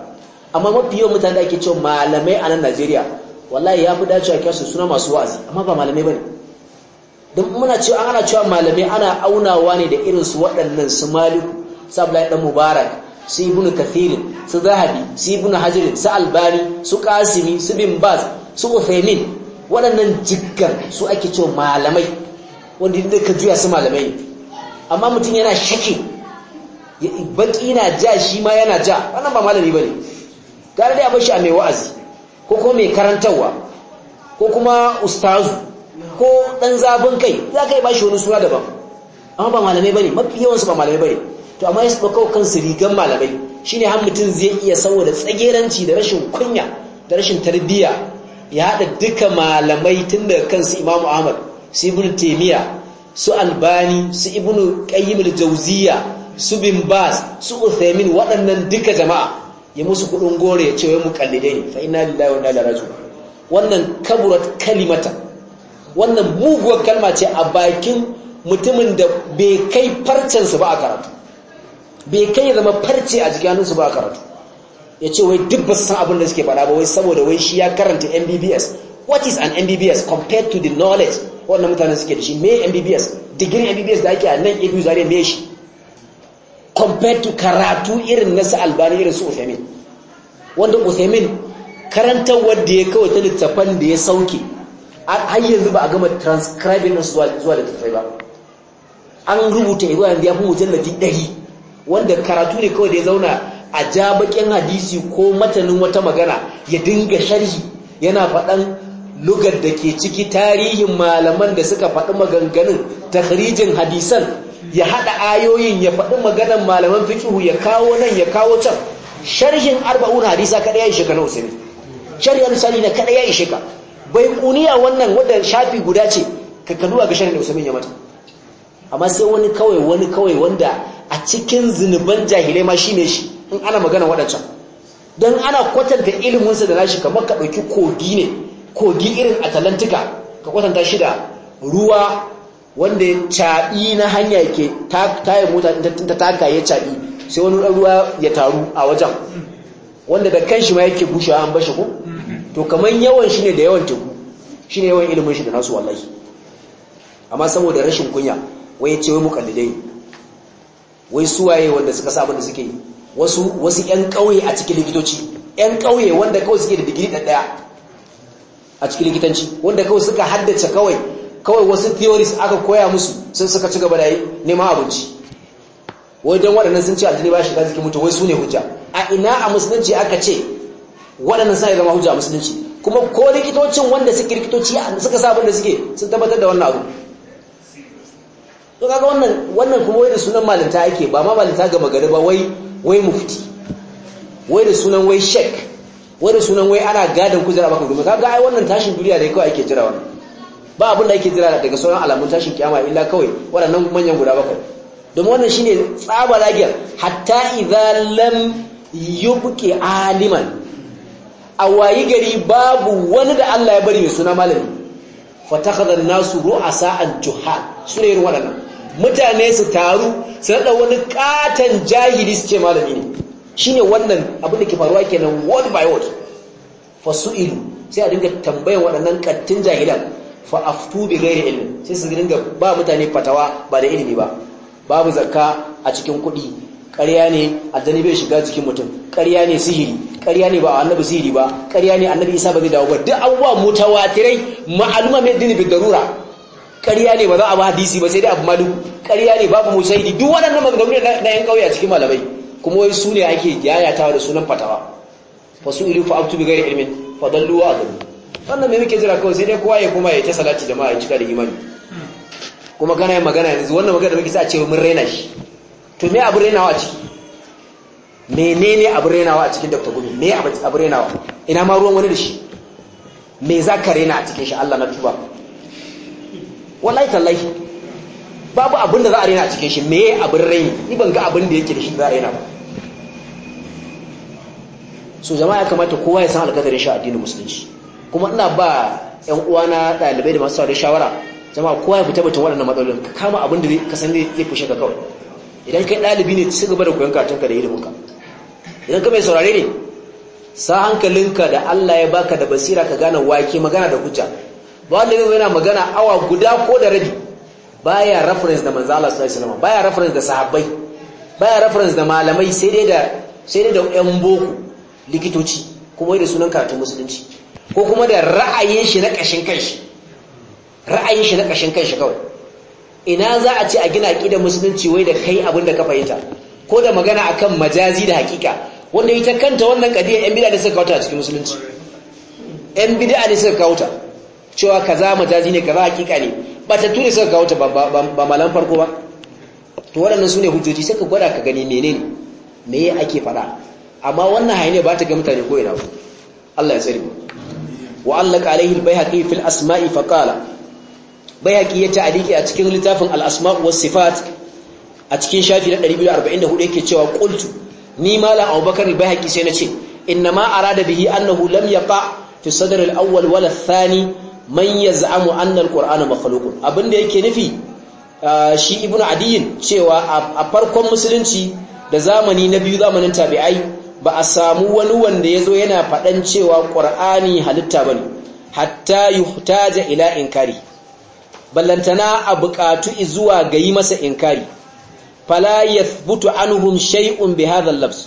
Speaker 1: amma mafi yawan mutane da ake cewa malamai a nan Najeriya wallahi ya fi dacewa kyasu suna masu wa'azi amma ba malamai bane don muna ana cewa malamai ana aunawa ne da irin su waɗannan su maliku su abdullahi dan mubarak su ibnu kathirin su zahabi su ibnu hajjirin su albani su ƙasimi, su bin baz su uthaymin waɗannan jikar su ake cewa malamai wanda inda ka juya su malamai ne amma mutum yana shake baki na ja shi ma yana ja wannan ba malami ne. gare dai a bashi a mai wa'azi ko kuma mai karantarwa ko kuma ustazu ko dan zafin kai za ka yi ba shi wani suna daban amma ba malamai bane mafi yawansu ba malamai bane to amma ya saba kawai kansu rigan malamai shine har mutum zai iya saboda tsageranci da rashin kunya da rashin tarbiyya ya haɗa duka malamai tun daga kansu imamu ahmad su ibn taimiyya su albani su ibn qayyim al su bin bas su uthaymin waɗannan duka jama'a ya musu kuɗin gore ya ce wai mu kallide ne fa inna lillahi wa inna ilaihi raji'un wannan kaburat kalimata wannan muguwar kalma ce a bakin mutumin da bai kai farcensu ba a karatu bai kai ya zama farce a jikin jikinsu ba a karatu ya ce wai duk basu san abin da suke faɗa ba wai saboda wai shi ya karanta mbbs what is an mbbs compared to the knowledge wannan mutane suke da shi me mbbs digirin mbbs da ake a nan ibu zare me shi compared to karatu irin nasu albani irin su uthamin wanda uthamin karantar wadda ya kawai ta littafan da ya sauke har yanzu ba a gama transcribing din zuwa da tafai ba an rubuta iwa yanzu ya fi mujalladi ɗari wanda karatu ne kawai da ya zauna a ja bakin hadisi ko matanin wata magana ya dinga sharhi yana faɗan lugar da ke ciki tarihin malaman da suka faɗi maganganun takrijin hadisan ya haɗa ayoyin ya faɗi maganan malaman fikihu ya kawo nan ya kawo can sharhin arba'un hadisa kada ya ishe ka na usani sharhin sani na kada ya ishe ka bai kuniya wannan wadda shafi guda ce ka kaduwa ga sharin da usamin ya mata amma sai wani kawai wani kawai wanda a cikin zinuban jahilai ma shine shi in ana magana wadancan don ana kwatanta iliminsa da nashi kamar ka ɗauki kogi ne kogi irin atalantika ka kwatanta shi da ruwa wanda ya caɓi na hanya ke yi mota ta taka ya caɓi sai wani ruwa ya taru a wajen wanda da kan shi ma yake bushewa an bashi ko to kamar yawan shi ne da yawan teku shi ne yawan ilimin shi da nasu wallahi amma saboda rashin kunya wai ya ce wai mukallidai wai suwaye wanda suka sa da suke wasu wasu ƴan ƙauye a cikin likitoci ƴan ƙauye wanda kawai suke da digiri da ɗaya a cikin likitanci wanda kawai suka haddace kawai kawai wasu theories aka koya musu sun suka ci gaba da neman abinci wai don waɗannan sun ce aljini ba shiga ziki mutu wai su ne hujja a ina a musulunci aka ce waɗannan ya zama hujja musulunci kuma ko likitocin wanda suke likitoci suka sa da suke sun tabbatar da wannan abu to kaga wannan wannan kuma wai da sunan malinta yake ba ma malinta ga magari ba wai wai mufti wai da sunan wai shek wai da sunan wai ana gadon kujera baka domin kaga ai wannan tashin duniya da kawai ake jira wannan ba abin da ake jira daga sauran alamun tashin kiyama illa kawai waɗannan manyan guda bakwai domin wannan shine tsaba lagiyar hatta idza lam yubqi aliman a wayi gari babu wani da Allah ya bari mai suna malami fatakhadha nasu ru'asa al-juhal sune irin waɗannan mutane su taru su nada wani katan jahili su ce malami ne shine wannan abin da ke faruwa kenan word by word fasu'ilu sai a dinga tambayar waɗannan kattin jahilan fa aftu bi ghairi ilmi sai su dinga ba mutane fatawa ba da ilimi ba babu zakka a cikin kuɗi ƙarya ne zane bai shiga jikin mutum ƙarya ne sihiri ƙarya ne ba annabi sihiri ba ƙarya ne annabi isa ba zai dawo ba duk abubuwa mutawatirai ma'aluma mai dini bin darura ƙarya ne ba za a ba hadisi ba sai dai abu malu ƙarya ne babu musaidi duk waɗannan maganganu ne na yan ƙauye a cikin malamai kuma wai su ne ake yayatawa da sunan fatawa fa su ilu fa abtu bi ghairi ilmin fa dallu wa adallu wannan me muke jira kawai sai dai kowa ya kuma ya ta salati jama'a ya cika da imani kuma kana yin magana yanzu wannan magana da muke sa a ce mun raina shi to me abu renawa a ciki menene abu renawa a cikin dr gumi me abu renawa ina ma ruwan wani da shi me za ka rena a cikin shi allah na tuba wallahi tallahi babu abin da za a rena a cikin shi me abin raini ni ban ga abin da yake da shi za a rena ba so jama'a ya kamata kowa ya san alkadarin shi addinin musulunci kuma ina ba yan uwana ɗalibai da masu saurari shawara jama'a kowa ya fita batun waɗannan matsalolin ka kama abin da ka san zai fushe ka kawai idan kai ɗalibi ne ci gaba da koyon karatunka da iliminka idan ka mai saurare ne sa hankalinka da Allah ya baka da basira ka gane wake magana da hujja ba wanda yana magana awa guda ko da rabi baya reference da manzo Allah sallallahu alaihi wasallam baya reference da sahabbai baya reference da malamai sai dai da sai dai da ƴan boko likitoci kuma da sunan karatu musulunci ko kuma da ra'ayin shi na kashin kanshi ra'ayin shi na kashin kanshi kawai ina za a ce a gina aƙidar musulunci wai da kai abin da ka fahimta ko da magana akan majazi da hakika wanda ita kanta wannan ƙadiyar yan bid'a ne suka kauta a cikin musulunci yan bid'a ne suka kauta cewa kaza majazi ne kaza hakika ne ba ta tuni suka kauta ba malan farko ba to waɗannan su ne hujjoji sai ka gwada ka gani menene me ya ake faɗa amma wannan hayne ba ta ga mutane ko ina Allah ya tsare mu wa allaka alaihi albayhaqi fil asma'i faqala bayhaqi ya ta'aliki a cikin littafin alasma'u asma sifat a cikin shafi na 244 yake cewa kultu. ni malam abubakar bayhaqi sai ce inna ma da bihi annahu lam yaqa fi sadr al wala wal thani man yaz'amu anna al-qur'ana makhluqun abinda yake nufi shi ibnu adiyin cewa a farkon musulunci da zamani na biyu zamanin tabi'ai ba a samu wani wanda ya zo yana fadan cewa ƙur'ani halitta ne hatta yuhtaja ila inkari ballantana a buƙatu zuwa ga yi masa inkari fala yathbutu anhum shay'un bi hadha al-lafz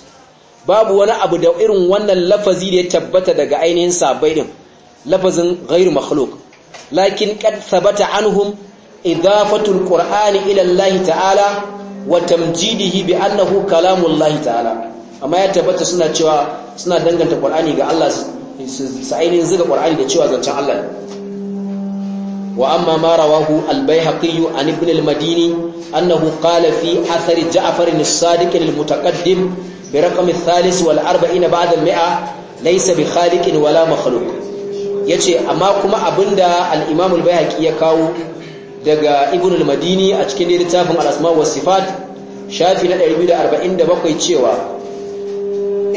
Speaker 1: babu wani abu da irin wannan lafazi da ya tabbata daga ainihin sabai din lafazin ghairu makhluq lakin qad thabata anhum idafatu al-qur'ani ila Allah ta'ala wa tamjidihi bi annahu kalamu Allah ta'ala amma ya tabbata suna cewa suna danganta qur'ani ga Allah su ainihin zuga qur'ani da cewa zancen Allah ne وأما ما رواه البيهقي عن ابن المديني أنه قال في أثر جعفر الصادق المتقدم برقم الثالث والأربعين بعد المئة ليس بخالق ولا مخلوق yace amma kuma abinda al-Imam al-Baihaqi ya kawo daga Ibn al-Madini a cikin littafin al-Asma wa Sifat shafi na 247 cewa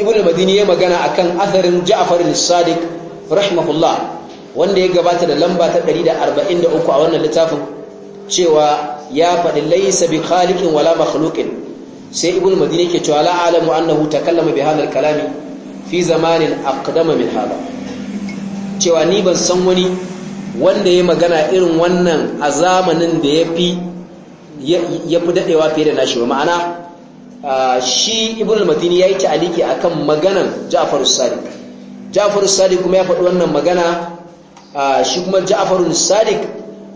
Speaker 1: Ibn al-Madini ya magana akan atharin Ja'far al-Sadiq rahimahullah wanda ya gabata da lamba ta 143 a wannan littafin cewa ya faɗi laysa bi khaliqin wala makhluqin sai ibnu madini ke cewa la alamu annahu takallama bi hadha kalami fi zamanin aqdama min hadha cewa ni ban san wani wanda ya magana irin wannan a zamanin da ya fi ya fi daɗewa fiye da nashi ba ma'ana shi ibn madini ya yi ta'aliki akan maganan ja'far as-sadiq ja'far as-sadiq kuma ya faɗi wannan magana shi kuma ja'afarun sadiq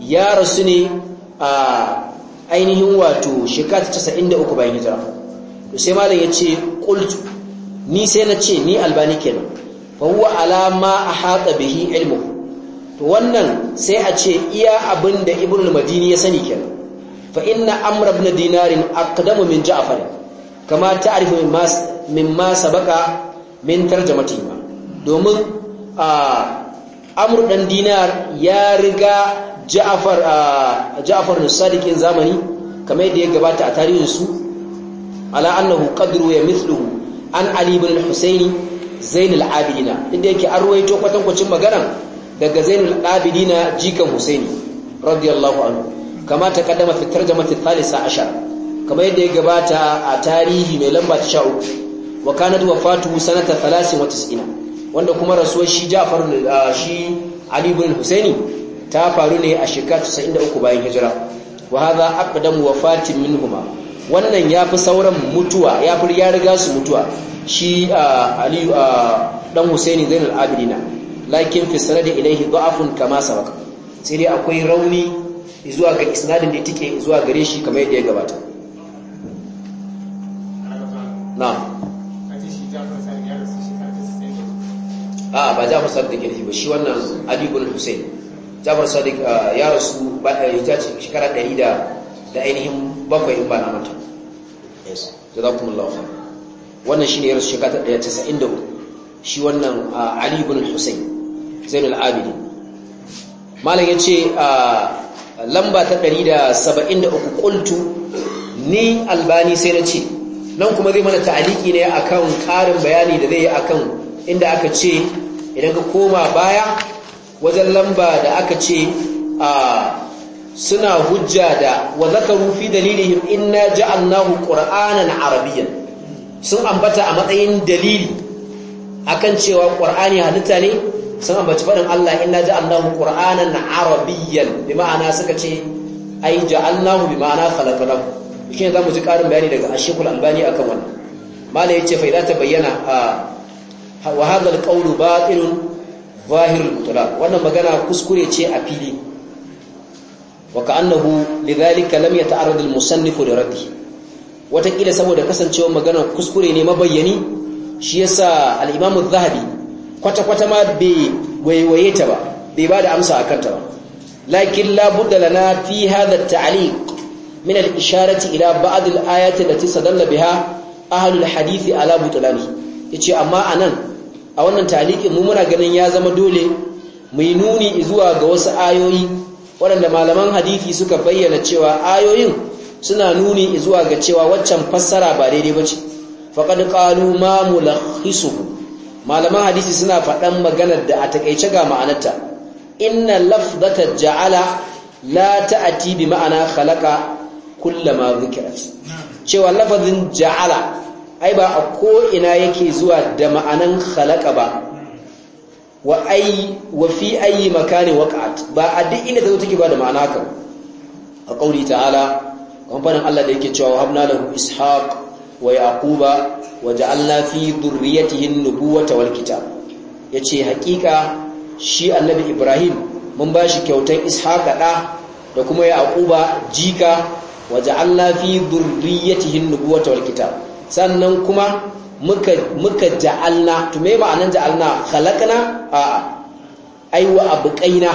Speaker 1: ya rasu ne a ainihin wato shekara 93 bayan hijira to sai malam ce qultu ni sai na ce ni albani kenan fa huwa ala ma ahata bihi ilmu to wannan sai a ce iya abinda ibnu madini ya sani kenan fa inna amr ibn dinarin aqdamu min ja'far kama ta'rifu mimma mimma sabaqa min tarjamati domin a amur dan dinar ya riga ja'afar ja'afar Sadikin zamani kamar yadda ya gabata a tarihin su ala annahu qadru ya mithluhu an ali bin al-husaini zainul abidina inda yake an ruwaito kwatankwacin magana daga zainul abidina jikan husaini radiyallahu anhu kama ta kaddama fi tarjamati thalisa ashar kama yadda ya gabata a tarihi mai lamba ta 13 wa kanat wafatuhu sanata 93 wanda kuma rasuwar shi Ja'far shi Ali ibn Husaini ta faru ne a shekara 93 bayan hijira wa hadha aqdam wafatin minhuma wannan yafi sauran mutuwa yafi ya riga su mutuwa shi Ali dan Husaini Zainul Abidina lakin fi sanadi ilayhi da'afun kama sabaka sai dai akwai rauni zuwa ga isnadin da take zuwa gare shi kamar yadda ya gabata ba Ja'far Sadiq yake ba shi wannan Ali ibn Hussein Ja'far Sadiq uh, ya rasu ba ta eh, shekara 100 da da ainihin bakwai in ba na mata yes jazakumullahu khair wannan shine ya rasu shekara 193 shi wannan uh, Ali ibn Hussein Zainul Abidin malam yace uh, lamba ta 173 qultu ni albani sai na ce nan kuma zai mana ta'aliki ne akan karin bayani da zai yi akan inda aka ce idan ka koma baya wajen lamba da aka ce a suna hujja da wa zakaru fi dalilihim inna ja'alnahu qur'anan arabiyyan sun ambata a matsayin dalili akan cewa qur'ani halitta ne sun ambaci fadin Allah inna ja'alnahu qur'anan arabiyyan bi ma'ana suka ce ai ja'alnahu bi ma'ana khalaqnahu shine zamu ji karin bayani daga Ashikul Albani akan wannan mala yace fa idan ta bayyana a wa hadal alqawlu batilun zahirul mutlaq wannan magana kuskure ce a fili wa ka'annahu lidhalika lam yata'arrad al-musannif li raddi watakila saboda kasancewar magana kuskure ne mabayyani shi yasa al-imam az-zahabi kwata kwata ma bai waiwaye ta ba bai bada amsa akan ta ba lakin la budda lana fi hadha at-ta'liq min al-isharati ila ba'd al-ayati allati sadalla biha ahlul hadithi ala butlani ce amma anan a wannan talikin mu muna ganin ya zama dole mu nuni zuwa ga wasu ayoyi waɗanda malaman hadisi suka bayyana cewa ayoyin suna nuni zuwa ga cewa waccan fassara ba daidai bace faqad ƙalu mamula hisu. malaman hadisi suna faɗan maganar da a taƙaice ga ma'anarta inna lafzata ja'ala la ta'ati bi ma'ana khalaqa kullama dhikrat cewa lafazin ja'ala ai ba a ko'ina yake zuwa da ma'anan halaka ba wa ai wa fi ayi makani waqa'at ba a duk inda ta zo take ba da ma'ana kan a kauli ta'ala kamfanin Allah da yake cewa habna lahu ishaq wa yaquba wa ja'alna fi dhurriyyatihi an-nubuwata wal kitab yace hakika shi annabi ibrahim mun bashi kyautan ishaqa da da kuma yaquba jika wa ja'alna fi dhurriyyatihi an-nubuwata wal kitab sannan kuma muka muka ja'alna to me ma'anan ja'alna khalaqna a aiwa abqaina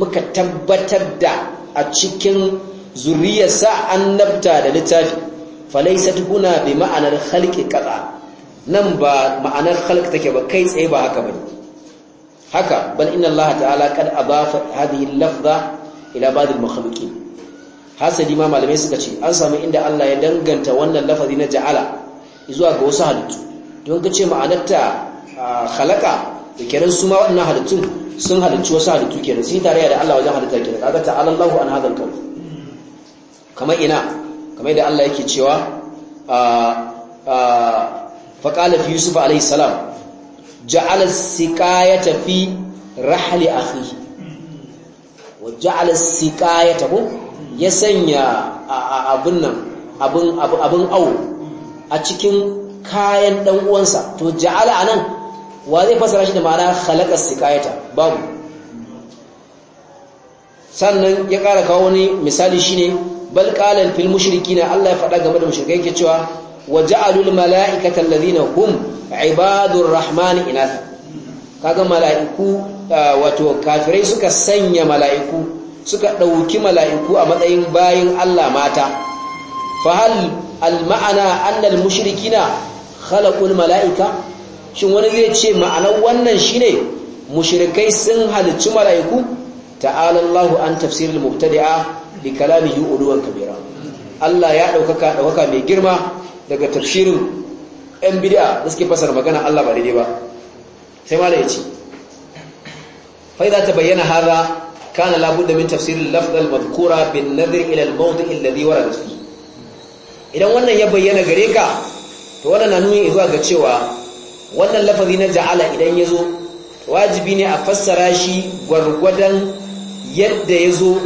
Speaker 1: muka tabbatar da a cikin zuriyarsa annabta da littafi falaysat huna bi ma'anar khalqi qata nan ba ma'anar khalq take ba kai tsaye ba haka bane haka bal inna allaha ta'ala kad adafa hadhihi al-lafza ila ba'd al-makhluqin hasadi ma malamai suka ce an samu inda Allah ya danganta wannan lafazi na ja'ala zuwa ga wasu halittu don ka ce ma'anarta halaka da kenan su ma waɗannan halittun sun halicci wasu halittu kenan sun yi tarayya da Allah wajen halitta kenan kaga ta Allahu an hadal qawl kamar ina kamar da Allah yake cewa fa qala fi yusuf alayhi salam ja'ala siqayata fi rahli akhihi wa ja'ala siƙa ya tafi? ya sanya abin nan abun abun awu a cikin kayan ɗan uwansa to ja'ala anan wa zai fasara shi da ma'ana khalaqa sikayata babu sannan ya ƙara kawo wani misali shine bal qalan fil mushrikina Allah ya faɗa game da mushrikai ke cewa wa ja'alul mala'ikata alladhina hum ibadur rahmani inatha kaga mala'iku wato kafirai suka sanya mala'iku suka ɗauki mala'iku a matsayin bayin Allah mata fa hal al-ma'ana annal mushrikina khalaqul mala'ika shin wani zai ce ma'anar wannan shine mushrikai sun halicci mala'iku ta'ala Allahu an tafsirul mubtadi'a bi kalamihi uluwan kabira Allah ya daukaka daukaka mai girma daga tafsirin ɗan bid'a da suke fasara magana Allah ba daidai ba sai malai ya ce fa idza tabayyana hadha kana labudda min tafsir al-lafz al-madhkura bin nadhr ila al-mawdi' alladhi warada fihi idan wannan ya bayyana gare ka to wannan na nuni zuwa ga cewa wannan lafazi na ja'ala idan ya zo wajibi ne a fassara shi gwargwadon yadda ya zo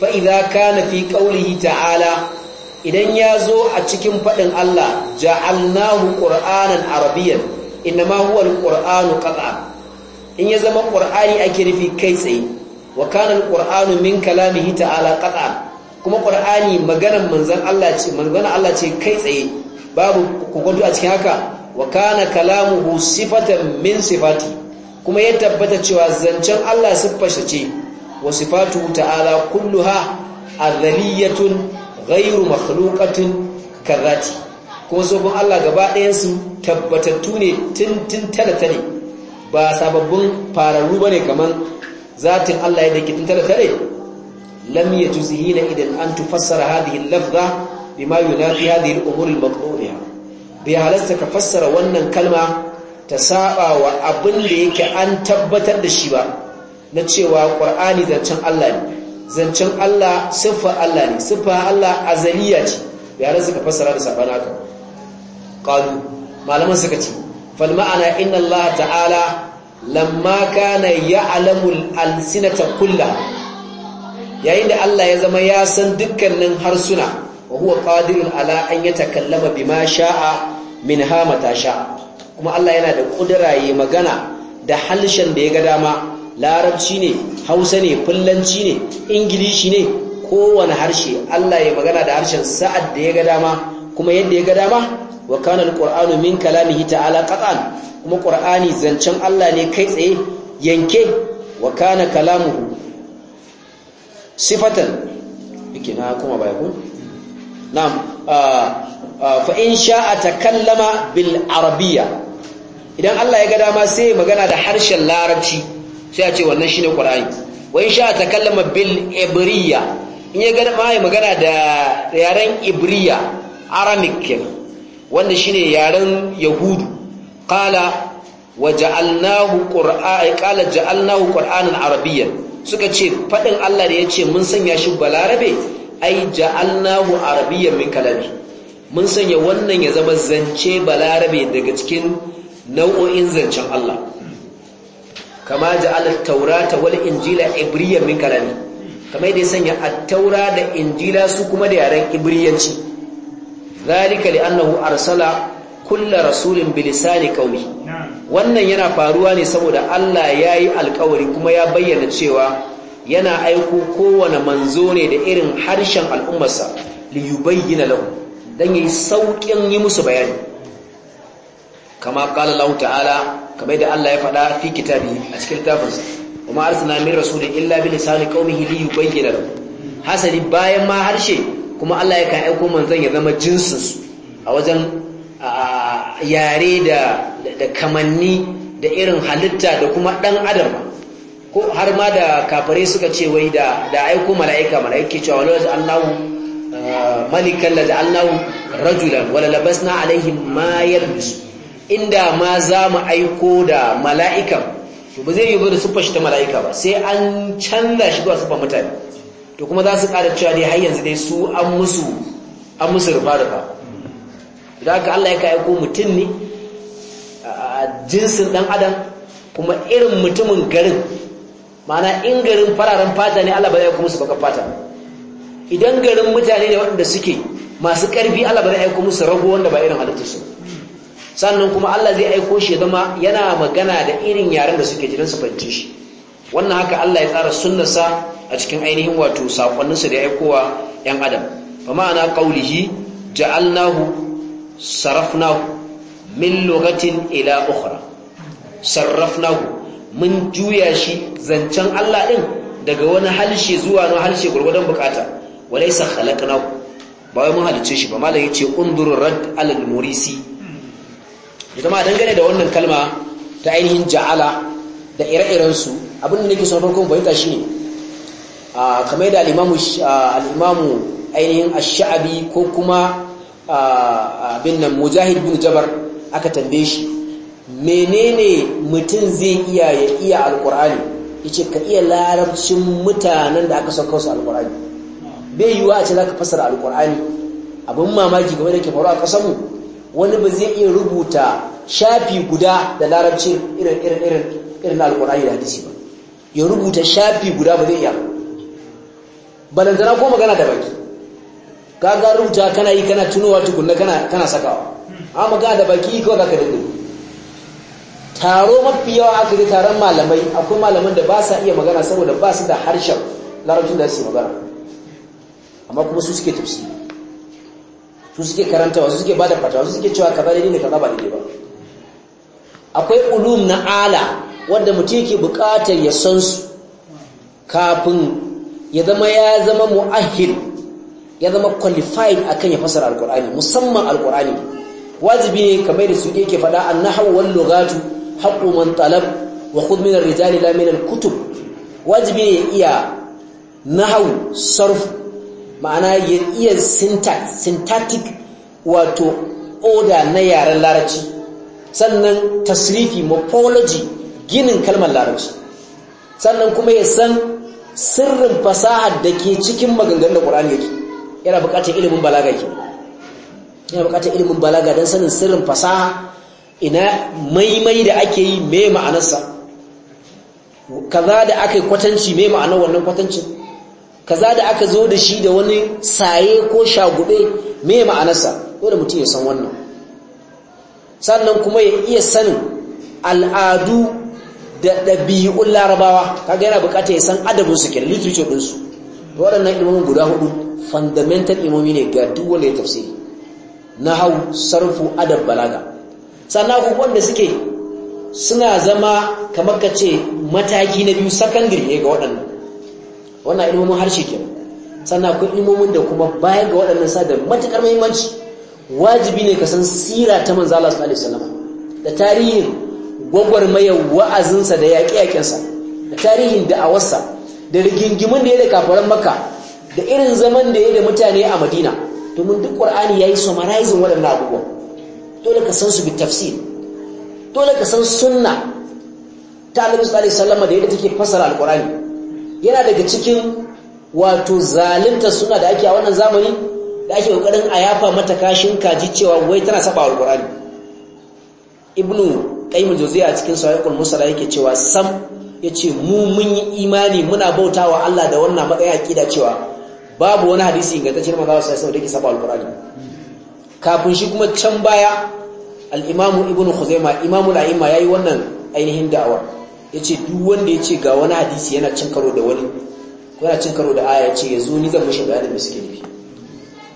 Speaker 1: fa'iza ka na fi ƙaunihi ta'ala idan ya zo a cikin faɗin Allah ja'alnahu ƙur'anan Arabiyyar, inna ma huwa ƙur'anu ƙasa in ya zama ƙur'ani ake nufi kai tsaye wa kanan ƙur'anu min kalamihi ta'ala ƙasa kuma qur'ani maganar manzan Allah ce Allah ce kai tsaye babu kokonto a cikin haka wa kana kalamuhu sifatan min sifati kuma ya tabbata cewa zancen Allah siffarsa ce wa sifatu ta'ala kulluha arrabiyatun ghayru makhluqatin karrati kuma sofin Allah gaba ɗayansu tabbatattu ne tintin tare-tare ba sababbin fararru ba ne kamar zatin Allah yadda ke tintin tare-tare lam yajuz idan an tufassara hadhihi al-lafza bima yunafi hadhihi al-umur al-maqruha ka fassara wannan kalma ta saɓawa wa abin da yake an tabbatar da shi ba na cewa qur'ani zancen Allah ne zancen Allah siffa Allah ne siffa Allah azaliya ce bi ka da ka malaman suka ma'ana inna Allah ta'ala lamma kana ya'lamu al-sinata yayin da Allah ya zama ya san dukkanin harsuna wa huwa qadirun ala an yatakallama bima sha'a min hamata sha kuma Allah yana da kuduraye magana da halshen da ya ga dama larabci ne hausa ne fullanci ne ingilishi ne kowane harshe Allah ya magana da harshen sa'ad da ya ga dama kuma yadda ya ga dama wa kana alqur'anu min kalamihi ta'ala qatan kuma qur'ani zancen Allah ne kai tsaye yanke wa kana kalamuhu sifatan yake na kuma bai kun? na'am ah, ah, fa in sha'a takallama bil arabiyya idan Allah ya ga dama sai magana da harshen larabci sai ya ce wannan shine qur'ani wa in sha'a takallama bil ibriyya in ya ga dama ya magana da yaren ibriya aramic wanda shine yaren yahudu qala wa ja'alnahu qur'ana qala ja'alnahu qur'anan arabiyyan suka ce faɗin Allah da ya ce mun sanya shi balarabe ai ja'alnahu arabiyyan min kalami mun sanya wannan ya zama zance balarabe daga cikin nau'o'in zancen Allah kama ja'al taurata wal injila ibriyan min kalami kama da ya sanya at-taura da injila su kuma da yaren ibriyanci zalika li'annahu arsala kulla rasulin bilisani qauli wannan yana faruwa ne saboda Allah ya yi alkawari kuma ya bayyana cewa yana aiko kowane manzo ne da irin harshen al'ummarsa li yubayyana lahu dan yi saukin yi musu bayani kama kala Allah ta'ala kamar da Allah ya faɗa fi kitabi a cikin littafinsa kuma arsalna min rasulin illa bilisani qaumihi li yubayyana lahu hasali bayan ma harshe kuma Allah ya kan aiko manzon ya zama jinsinsu a wajen yare da kamanni da irin halitta da kuma ɗan adam ko har ma da kafare suka ce wai da aiko mala'ika mala'ike cewa wani wajen allahu malikan da allahu rajulan wala labasna alaihim ma su inda ma za mu aiko da mala'ika to ba zai yi da sufa shi ta mala'ika ba sai an canza shi zuwa siffar mutane to kuma za su ƙara cewa dai har yanzu dai su an musu an musu rufa-rufa da haka Allah ya aiko mutum ne a jinsin dan adam kuma irin mutumin garin mana in garin fararen fata ne Allah ba zai aiko musu baka fata idan garin mutane ne waɗanda suke masu ƙarfi Allah ba zai aiko musu rago wanda ba irin su sannan kuma Allah zai aiko shi zama yana magana da irin yaren da suke jiran su fahimci shi wannan haka Allah ya tsara sunnasa a cikin ainihin wato sakonninsa da ya aikowa 'yan adam fa ma'ana qaulihi ja'alnahu sarrafnahu min lugatin ila ukhra sarrafnahu mun juya shi zancen Allah ɗin daga wani halshe zuwa wani halshe gurgudan bukata walaysa khalaqnahu ba wai mun halice shi ba malai yace undur rad al murisi ma dangane da wannan kalma ta ainihin ja'ala da ire-iren su abin da nake son farkon bayyana shi a kamar da al-imamu al-imamu ainihin ash-sha'abi ko kuma abin nan mujahid bin jabar aka tambaye shi menene mutum zai iya ya iya alkur'ani yace ka iya larabcin mutanen da aka sauka su alkur'ani bai yiwa a ce zaka alkur'ani abin mamaki game da ke faru a kasar wani ba zai iya rubuta shafi guda da larabcin irin irin irin irin alkur'ani da hadisi ba ya rubuta shafi guda ba zai iya balantana ko magana da baki kaga rubuta kana yi kana tunowa tukunna kana kana sakawa amma ga da baki ko ga dinga taro mafi yawa aka ga taron malamai akwai malaman da ba sa iya magana saboda ba su da harshen larabcin da su magana amma kuma su suke tafsi su suke karantawa su suke bada fatawa su suke cewa kaza daidai ne kaza ba ne ba akwai ulum na ala wanda mutum yake bukatar ya san su kafin ya zama ya zama mu'ahid ya zama qualified akan ya fasara alqur'ani musamman alqur'ani wajibi ne kamar da su yake faɗa annahu wal lughatu haqqu man talab wa khudh min ar-rijali la min al-kutub wajibi ne iya nahwu sarf ma'ana ya iya syntax syntactic wato order na yaren larabci sannan tasrifi morphology ginin kalmar larabci sannan kuma ya san sirrin fasahar da ke cikin maganganun da Qur'ani yake yana bukatar ilimin balaga ke yana bukatar ilimin balaga don sanin sirrin fasaha ina maimai da ake yi me ma'anarsa kaza da aka yi kwatanci me ma'anar wannan kwatancin kaza da aka zo da shi da wani saye ko shagube mai ma'anarsa dole mutum ya san wannan sannan kuma ya iya sanin al'adu da ɗabi'un larabawa kaga yana bukatar ya san adabinsu ke da literature ɗinsu waɗannan ilmomin guda hudu fundamental ilmomi ne ga duk wanda ya tafsiri na hau sarfu adab balaga sannan ku da suke suna zama kamar ka ce mataki na biyu sakan ne ga waɗannan wannan ilmomin harshe kenan sannan akwai ilmomin da kuma baya ga waɗannan sa da matuƙar muhimmanci wajibi ne ka san sira ta manzo Allah sallallahu alaihi da tarihin gwagwarmayar wa'azinsa da yaƙe-yaƙensa da tarihin da'awarsa da rigingimin da ya da kafaran maka da irin zaman da ya da mutane a madina domin duk ƙwar'ani ya yi summarizing waɗanda abubuwa dole ka san su bi tafsir dole ka san sunna ta annabi sallallahu da yadda take fasara alƙwarani yana daga cikin wato zalunta suna da ake a wannan zamani da ake ƙoƙarin a yafa mata kashin kaji cewa wai tana saba alƙwarani ibnu ƙaimu jawziya a cikin sahihul musara yake cewa sam Ya ce mu mun yi imani muna bauta wa Allah da wannan matsayin akida cewa babu wani hadisi ingantaccen manzo sallallahu alaihi wasallam da yake saba alqur'ani kafin shi kuma can baya al-imamu ibnu khuzaima imamu Na'ima ya yi wannan ainihin da'awa ce duk wanda ya ce ga wani hadisi yana cin karo da wani ko yana cin karo da aya yace zo ni zan mishi bayanin miskini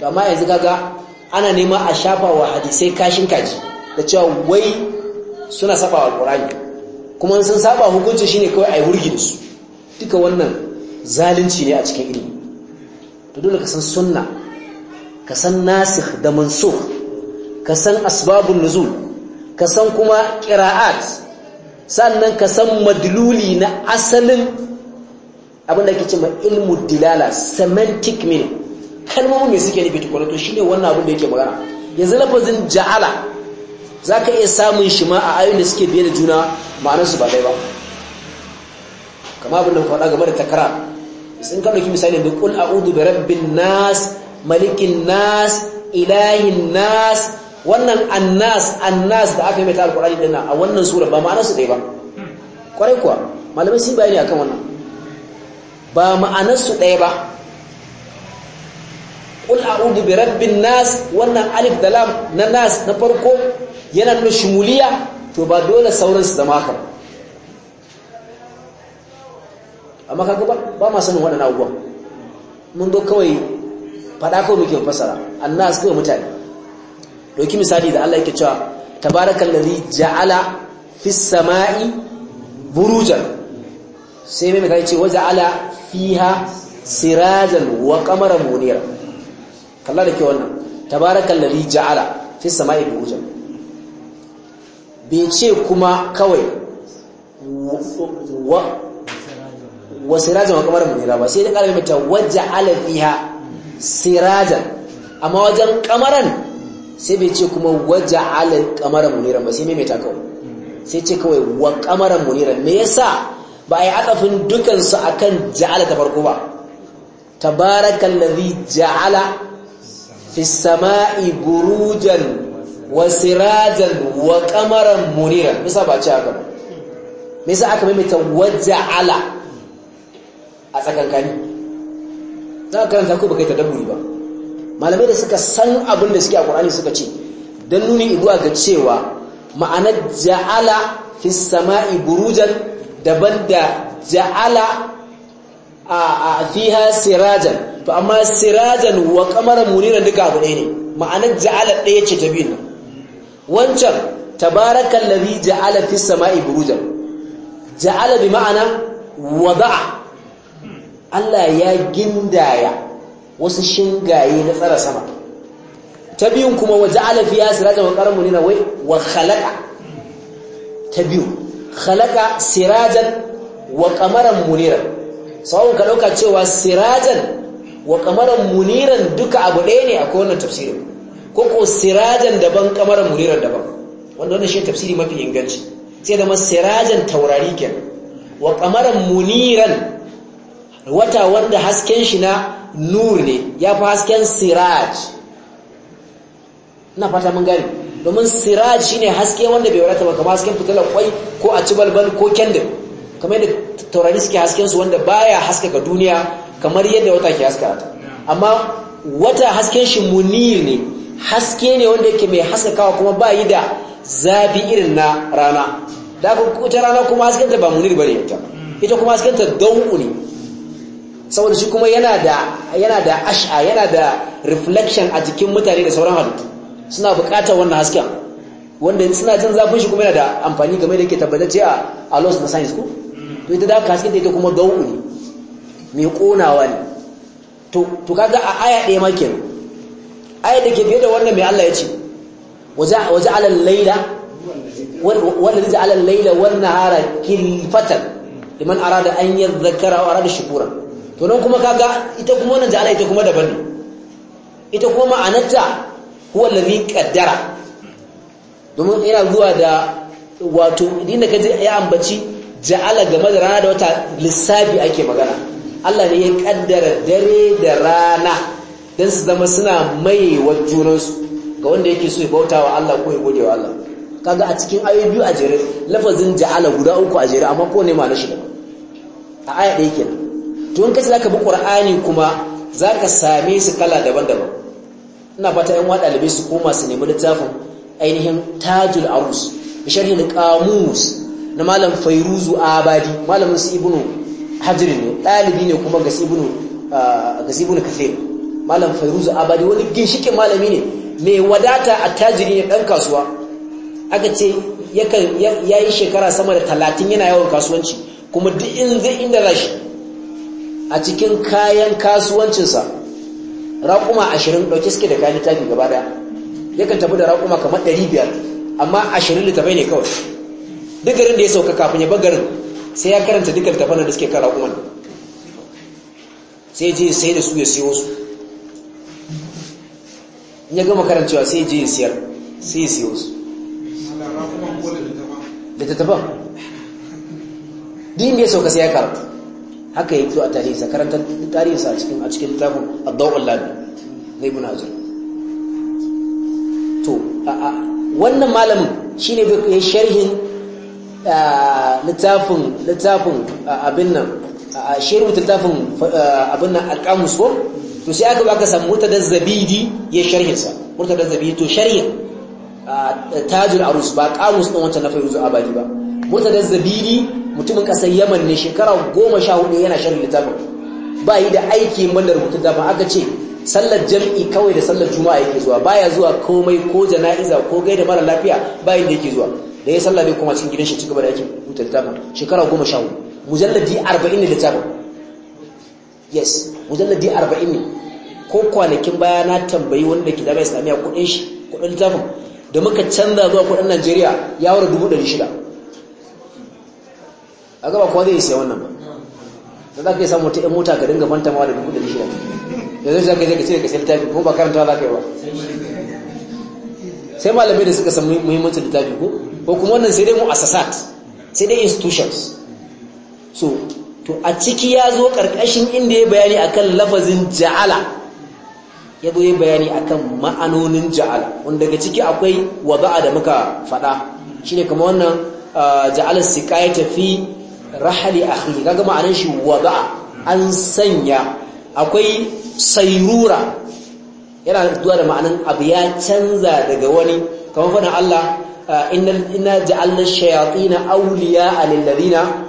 Speaker 1: to amma yanzu kaga ana nema a shafa wa hadisai kashin kaji da cewa wai suna saba alqur'ani kuma sun saba hukunci shine kawai ai wurgi da su duka wannan zalunci ne a cikin ilimi to dole ka san sunna ka san nasikh da mansukh ka san asbabun nuzul ka san kuma qira'at sannan ka san madluli na asalin abinda ake cewa ilmu dilala semantic meaning kalmomin me suke nufi to shine wannan abin da yake magana yanzu lafazin ja'ala za ka iya samun shi ma a ayoyin da suke biye da juna ma'anarsu ba ɗaya ba kama abin da faɗa game da takara sun ka ɗauki misali da ƙul a'udu da rabbin nas malikin nas ilayin nas wannan annas annas da aka yi mai ta alƙur'ani ɗin a wannan sura ba ma'anarsu ɗaya ba kwarai kuwa malamai sun bayani akan wannan ba ma'anarsu ɗaya ba ƙul a'udu bi rabbin nas wannan alif da lam na nas na farko yana nuna shimuliya to ba dole sauransu su zama haka amma kaga ba ba ma sanin wannan abubuwan mun zo kawai fada kawai muke fasara annas kawai mutane doki misali da Allah yake cewa tabarakallazi ja'ala fi sama'i burujan sai mai kai ce waja'ala fiha sirajan wa qamaran muniyar kalla da ke wannan tabarakan tabarakallazi ja'ala fi sama'i burujan bai ce kuma kawai wa sirajan wa kamar munira ba sai da ƙara mata waje alafiha sirajan amma wajen kamaran sai bai ce kuma wajen alal kamaran munira ba sai mai ta kawai sai ce kawai wa kamaran munira me yasa ba a yi akafin dukansu akan ja'ala ta farko ba tabarakallazi ja'ala fi samai burujan wa sirajan wa kamaran munira misa ba ci haka ba me yasa aka maimaita waja'ala a tsakankani za ka karanta ko baka ta tadabburi ba malamai da suka san abin da suke a Qur'ani suka ce dan nuni izuwa ga cewa ma'anar ja'ala fi sama'i burujan daban da ja'ala a fiha sirajan to amma sirajan wa kamaran munira duka abu ɗaya ne ma'anar ja'ala ɗaya ce ta biyu wancan tabarakal ladhi ja'ala fis sama'i burujan ja'ala bi ma'ana wada'a Allah ya gindaya wasu shingaye na tsara sama ta biyun kuma waje alafi ya sirata wa ƙaramu nina wai wa khalaƙa ta biyu khalaƙa sirajan wa ƙamaran muniran sawon ka ɗauka cewa sirajan wa ƙamaran muniran duka abu ɗaya ne akwai wannan tafsirin ko ko sirajan daban kamaran murirar daban wanda wannan shi tafsiri mafi inganci sai da sirajan taurari kenan wa kamaran muniran wata wanda hasken shi na nur ne ya fi hasken siraj ina fata mun gani domin siraj shine haske wanda bai wadata ba kamar hasken fitilar kwai ko a ci balbal ko kendir kamar yadda taurari suke hasken su wanda baya ga duniya kamar yadda wata ke haskaka amma wata hasken shi munir ne haske ne wanda yake mai haskakawa kuma ba yi da zafi irin na rana da aka ita rana kuma haskenta ba munir bane ita ita kuma haskenta don ne saboda shi kuma yana da yana da ash'a yana da reflection a jikin mutane da sauran halittu suna bukata wannan hasken wanda suna jin zafin shi kuma yana da amfani game da yake tabbatacce a a na science ko to ita da haske ita kuma don ne mai konawa ne to to kaga a aya ɗaya ma kenan ayat da ke fiye da wannan mai Allah ya ce waje alal laila wanda zai alal laila wannan hara fatan liman arada an yi zakara wa arada shukura to nan kuma kaga ita kuma wannan ja'ala ita kuma daban ne ita kuma ma'anarta huwa allazi qaddara domin yana zuwa da wato inda kaje ya ambaci ja'ala game da rana da wata lissafi ake magana Allah ne ya kaddara dare da rana don su zama suna wa junansu ga wanda yake so ya bauta wa Allah ko ya gode wa Allah kaga a cikin ayoyi biyu a jere lafazin ja'ala guda uku a jere amma ko ne ma na shi a aya ɗaya kenan to in kace zaka bi qur'ani kuma zaka same su kala daban-daban ina fata yan wa dalibai su koma su nemi littafin ainihin tajul arus bisharhi na qamus na malam fayruzu abadi malamin su ibnu hajr ne dalibi ne kuma ga ibnu ga ibnu kathir malam fayruzu abadi wani ginshikin malami ne mai wadata a tajiri ne ɗan kasuwa aka ce ya yi shekara sama da talatin yana yawan kasuwanci kuma duk in zai inda rashi a cikin kayan kasuwancinsa raƙuma ashirin ɗauki suke da kayan littafi gaba ɗaya yakan tafi da raƙuma kamar ɗari biyar amma ashirin littafai ne kawai duk garin da ya sauka kafin ya bagarin sai ya karanta dukkan littafan da suke kan raƙuman sai je sai da su ya siyo su ya gama karancewa sai je ya siyar sai ya siyo su da tattaban din ya sauka sai ya karanta haka ya fito a tarihinsa karantar tarihinsa a cikin a cikin littafin addawar labi zai muna azur to wannan malamin shine ya sharhin littafin littafin abin nan a shirin littafin abin nan alƙamus ko to sai aka baka san murtada zabidi ya sa murtada zabidi to sharhin tajul arus ba kamus din wancan na fayruzu abadi ba murtada zabidi mutumin kasar yaman ne shekara 14 yana sharhin littafin ba yi da aiki banda rubutun da ba aka ce sallar jami'i kawai da sallar juma'a yake zuwa baya zuwa komai ko jana'iza ko gaida mara lafiya bayan da yake zuwa da ya sallar bai kuma cikin gidan shi cigaba da yake rubuta littafin shekara 14 mujalladi 40 ne littafin yes mujalladi arba'in ne ko kwanakin baya na tambayi wanda ke zama islamiyya kudin shi kudin littafin da muka canza zuwa kudin najeriya ya wara dubu ɗari shida a gaba kuwa zai siya wannan ba da za ka yi samun ta'in mota ka dinga manta da dubu ɗari shida da zai zaka zai ka cire ka sai littafi ko ba karanta za ka yi ba sai malamai da suka samu muhimmancin littafi ko ko kuma wannan sai dai mu asasat sai dai institutions so to a ciki ya zo ƙarƙashin inda ya bayani akan lafazin ja'ala ya zo ya bayani akan ma'anonin ja'ala wanda daga ciki akwai wada'a da muka faɗa shine kamar wannan ja'ala siqaya tafi rahali akhi kaga ma'anin shi wada'a an sanya akwai sayrura yana zuwa da ma'anin abu ya canza daga wani kamar faɗin Allah inna ja'alna na auliya a ladina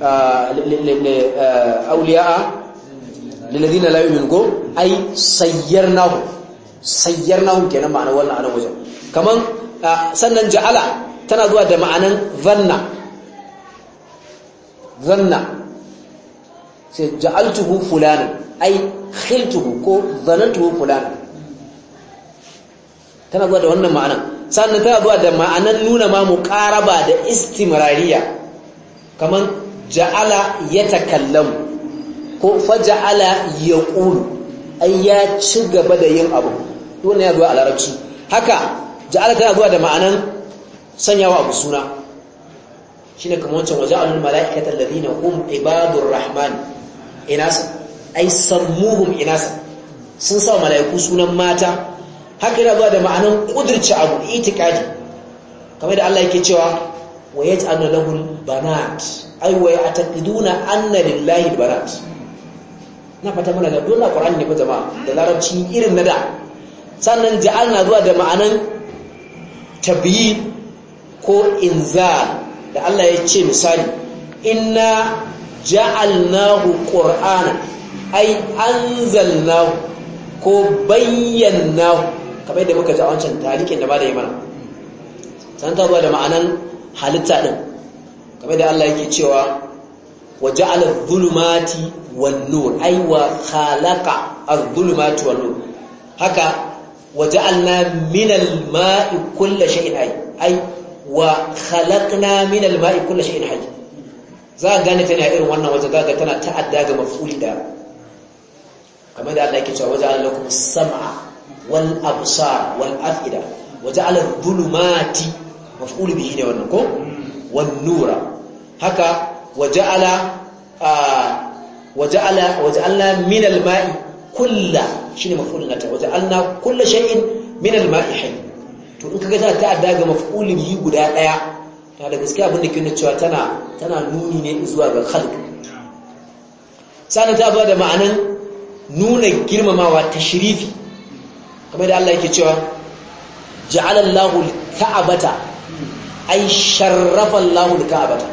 Speaker 1: la yu'minu ko sayyarnahu sayyarnahu kenan ma'ana wannan anan wajen kaman sannan ja'ala tana zuwa da ma'anan zanna zanna sai ja'altuhu fulana ai khiltuhu ko zanantuhu fulana tana zuwa da wannan ma'anan sannan tana zuwa da ma'anan nuna ma muqaraba da istimrariya kaman ja'ala ya takallamu ko fa ja'ala ya ƙulu ai ya ci gaba da yin abu wanda ya zuwa a larabci haka ja'ala tana zuwa da ma'anan sanyawa abu suna shi ne kamar wancan waje alun mala'ikata dina hum ibadun rahman inasa ai sammuhum inasa sun sa mala'iku sunan mata haka yana zuwa da ma'anan ƙudurci abu itikadi kamar da Allah yake cewa wa yaj'alu lahu banat ay wa ya'taqiduna anna lillahi banat na fata mana da dole Qur'ani ne ba jama'a da larabci irin na da sannan na zuwa da ma'anan tabyi ko inza da Allah ya ce misali inna ja'alnahu ai ay anzalnahu ko bayyanahu kamar yadda muka ji a wancan tarikin da ba da yi mana sannan ta zuwa da ma'anan halitta din kamar da Allah yake cewa waje ja'ala dhulumati wan nur ay wa khalaqa adh-dhulumati wan nur haka wa ja'alna minal ma'i kulli shay'in hayy ay wa khalaqna minal ma'i kulli shay'in hayy za ka gane tana irin wannan waje ga tana ta'adda ga maf'uli da kamar da Allah yake cewa waje ja'ala lakum sam'a wal absar wal af'ida waje ja'ala dhulumati maf'ul bihi ne wannan ko wan nura haka waja'ala waja'ala waja'alna min al-ma'i kulla shine maf'ul nata waja'alna kulla shay'in min al-ma'i hayy to in kaga tana ta'adda ga maf'ul bihi guda daya ta da gaskiya abin da ke nuna cewa tana tana nuni ne zuwa ga khalq sanan ta bada da ma'anan nuna girmamawa tashrifi kamar da Allah yake cewa ja'ala Allahu al-ka'bata ai sharrafa Allahu al-ka'bata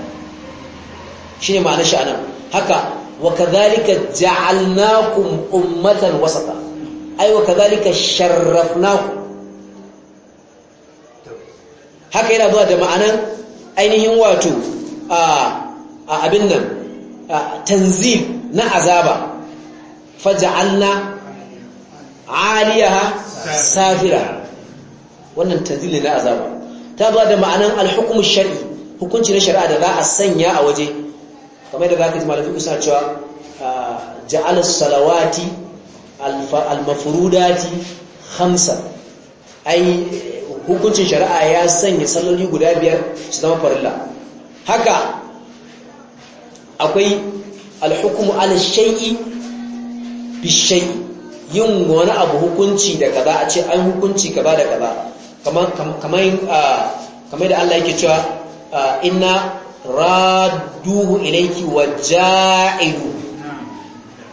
Speaker 1: shine ma'anar shi anan haka wa kadhalika ja'alnakum ummatan wasata ai wa kadhalika sharrafnakum haka yana zuwa da ma'anar ainihin wato a abin nan tanzil na azaba faja'alna aliyaha safira wannan tanzil ne na azaba ta zuwa da ma'anan alhukumu shari'i hukunci na shari'a da za a sanya a waje kamar da za ka ji malafi kusa cewa ah, ja'al salawati al hamsa ai hukuncin shari'a ya sanya salloli guda biyar su zama farilla haka akwai alhukumu ala shay'i bi yin wani abu hukunci da kaza a ce an hukunci kaza da kaza kamar kamar ah, da Allah yake cewa ah, inna radduhu ilayki wa ja'ilu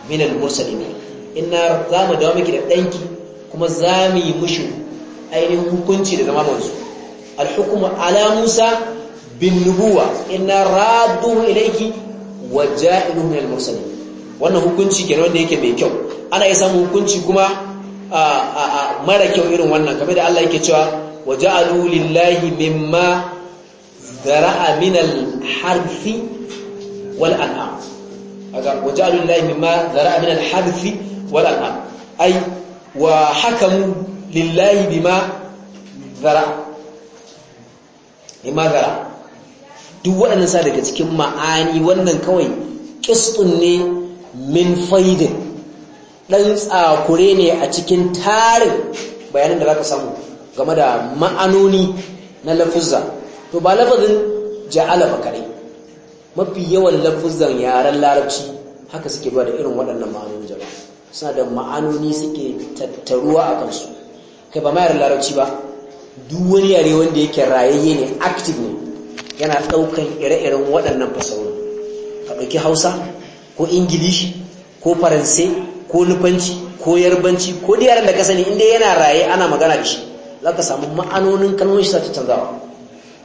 Speaker 1: min al-mursalin inna zamu dawo miki da danki kuma zamu yi mushi ainihin hukunci da zama manzo al-hukmu ala Musa bin nubuwa inna radduhu ilayki wa ja'ilu min al-mursalin wannan hukunci kenan wanda yake mai kyau ana iya samun hukunci kuma mara kyau irin wannan kamar da Allah yake cewa waja'alu lillahi mimma zara'a min al-harthi wal an'am kaga waja'alu lillahi mimma zara'a min al-harthi wal an'am ai wa hakamu lillahi bima zara'a bima zara'a duk waɗannan sa daga cikin ma'ani wannan kawai qistun ne min faidin ɗan tsakure ne a cikin tarin bayanan da za ka samu game da ma'anoni na lafuzza to ba lafazin ja'ala ba kare mafi yawan lafuzan yaren larabci haka suke ba da irin waɗannan ma'anoni jaba suna da ma'anoni suke tattaruwa a kansu kai ba ma larabci ba duk wani yare wanda yake rayayye ne active ne yana ɗaukan ire-iren waɗannan fasahohi ka ɗauki hausa ko ingilishi ko faransai ko nufanci ko yarbanci ko da yaran da ka sani inda yana raye ana magana da shi za ka samu ma'anonin kalmomin shi ta canzawa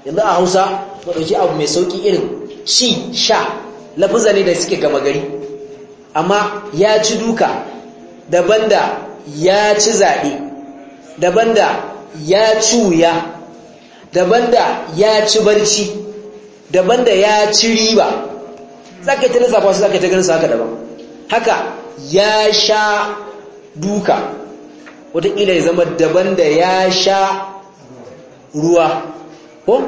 Speaker 1: yanzu a hausa ba abu mai sauƙi irin ci sha lafiza ne da suke gama gari amma ya ci duka daban da ya ci zaɓe daban da ya ci wuya daban da ya ci barci daban da ya ci riba za ka yi ta lissafa su za ka yi ta ganin su haka daban haka ya sha duka wataƙila ya zama daban da ya sha ruwa ko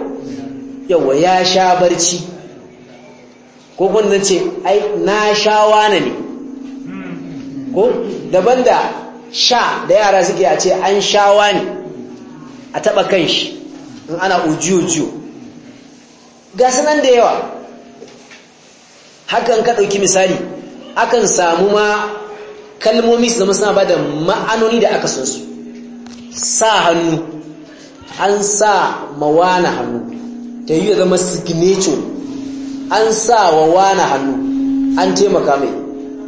Speaker 1: yawa ya sha barci ko kuma ce ai na sha wane ne ko daban da sha da yara suke a ce an sha wane a taɓa kan shi in ana ujiyo-jiyo ga sanan da yawa hakan ka ɗauki misali akan samu ma kalmomi su zama suna ba da ma'anoni da aka sun su sa hannu an sa mawana hannu ta yi zama signature an sa wa wana hannu an taimaka mai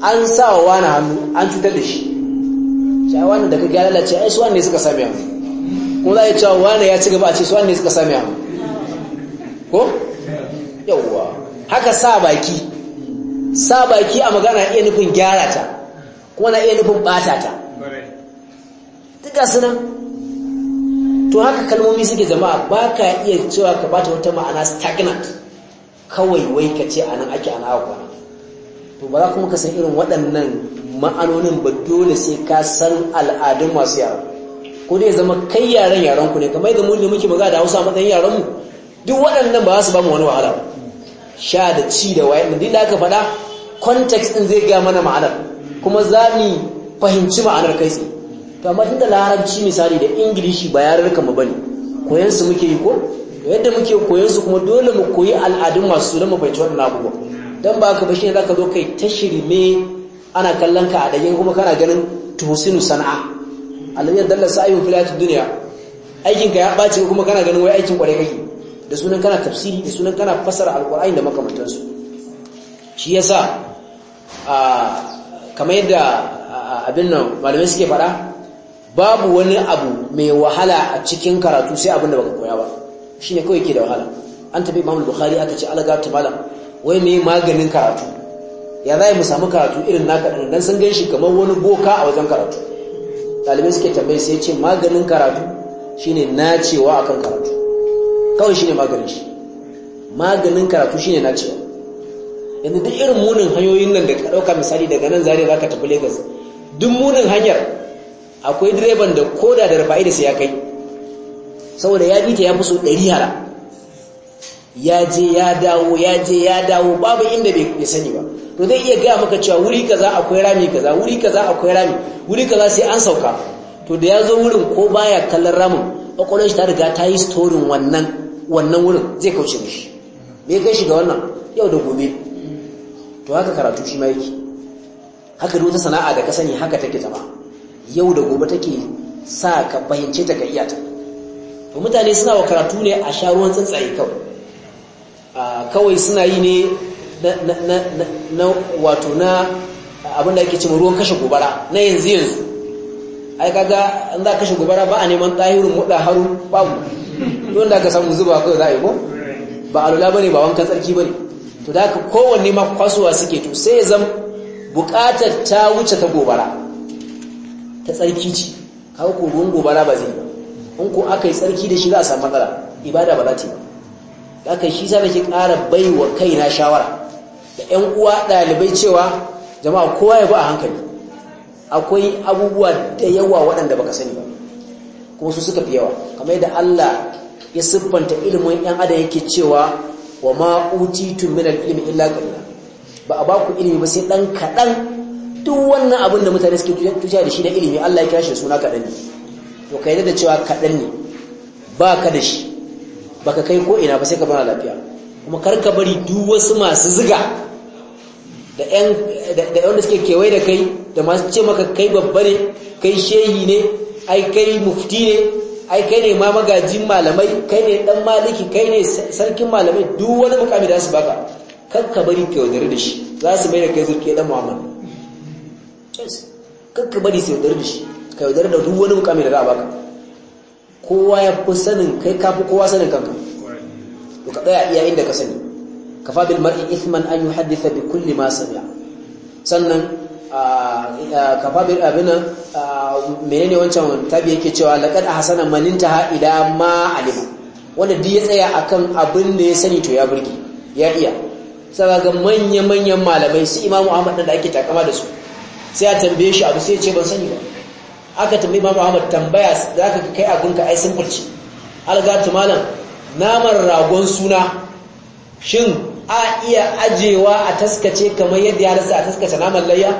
Speaker 1: an sa wa wana hannu an cutar da shi ya wani da kage lalace ai su wani suka sami hannu ko za a yi cewa wani ya ci gaba a ce su wani suka sami hannu ko yawwa haka sa baki sa baki a magana iya nufin gyara ta kuma na iya nufin bata ta duka suna to haka kalmomi suke zama ba ka iya cewa ka bata wata ma'ana stagnant kawai wai ka ce anan ake ana kwana to ba za kuma ka san irin waɗannan ma'anonin ba dole sai ka san al'adun masu yara ko dai zama kai yaran yaran ku ne kamar yadda mu muke magana da Hausa matsayin yaran mu duk waɗannan ba za su ba mu wani wahala ba sha da ci da waye da aka faɗa context din zai ga mana ma'anar kuma za mu fahimci ma'anar kai sai to amma tunda larabci misali da ingilishi ba yarar kama bane koyan su muke yi ko yadda muke koyan su kuma dole mu koyi al'adun masu don mu fahimci wannan abubuwa dan ba ka ba za zaka zo kai tashirme ana kallon ka a dagin kuma kana ganin tuhsinu sana'a alladhi dalla sa'yu fil hayatid dunya aikin ka ya bace kuma kana ganin wai aikin kware kake da sunan kana tafsiri da sunan kana fasara alqur'ani da makamantansu shi yasa kamar yadda abin nan malamai suke fara babu wani abu mai wahala a cikin karatu sai abin da baka koya ba shine kawai ke da wahala an tafi Imam Bukhari aka ce alaga ta malam wai mai maganin karatu ya zai mu samu karatu irin naka din dan sun ganshi kamar wani boka a wajen karatu dalibai suke tambaye sai ce maganin karatu shine nacewa akan karatu kawai shine maganin shi maganin karatu shine nacewa yanzu duk irin munin hanyoyin nan da ka ɗauka misali daga nan zare za tafi Legas duk munin hanyar akwai direban da koda da rufa'i da sai ya kai saboda ya bi ta ya fi so ɗari hara ya je ya dawo ya je ya dawo babu inda bai sani ba to zai iya gaya maka cewa wuri kaza akwai rami kaza wuri kaza akwai rami wuri kaza sai an sauka to da ya zo wurin ko baya kallon ramin kwakwalwar shi ta riga ta yi storin wannan wannan wurin zai kauce mishi me kai shi ga wannan yau da gobe to haka karatu shi ma yake haka duk sana'a da ka sani haka take zama yau da gobe take sa ka fahimce ta ka iya ta to mutane suna wa karatu ne a sha ruwan tsuntsaye kawai kawai suna yi ne na wato na abin da ake cewa ruwan kashe gobara na yanzu yanzu ai kaga an za kashe gobara ba a neman tsayirin muda haru babu don da ka samu zuba kawai za a yi ko ba alula bane ba wankan tsarki bane to da haka kowanne ma kwasuwa suke to sai zan bukatar ta wuce ta gobara ta tsarki ce kawo ko gobara ba zai ba in ko aka yi tsarki da shi za a samu matsala ibada ba za ta yi ba Da haka shi sa nake ƙara bai wa kaina shawara da 'yan uwa ɗalibai cewa jama'a kowa ya ba a hankali akwai abubuwa da yawa waɗanda baka sani ba kuma su suka fi yawa kamar yadda Allah ya siffanta ilimin ɗan adam yake cewa wa ma utitu min al-ilmi illa qalila ba a ku ilimi ba sai dan kadan duk wannan abin da mutane suke tuja da shi da ilimi Allah ya kira suna kadan ne to kai da cewa kadan ne ba ka da shi baka kai ko ina ba sai ka bana lafiya kuma kar ka bari duk wasu masu ziga da yan da wanda suke kewaye da kai da masu ce maka kai babba ne kai shehi ne ai kai mufti ne ai kai ne ma magajin malamai kai ne dan maliki kai ne sarkin malamai duk wani mukami da su baka kanka bari ka yaudare da shi za su mai da kai zurke dan muhammad kanka bari su yaudare da shi ka da duk wani mukami da za a baka kowa ya fi sanin kai ka fi kowa sanin kanka to ka tsaya iya inda ka sani kafa bil mar'i ithman an yuhaddisa bi kulli ma sami'a sannan kafa abin menene wancan tabi yake cewa laqad hasana maninta ila ma alima wanda di ya tsaya a kan abin da ya sani to ya burge ya iya sai ga manya manyan malamai su Imam Ahmad da ake takama da su sai a tambaye shi abu sai ya ce ban sani ba aka tambaye Imam Ahmad tambaya za ka kai abinka ai simple algatu malam namar ragon suna shin a iya ajewa a taskace kamar yadda ya rasa a taskace naman layya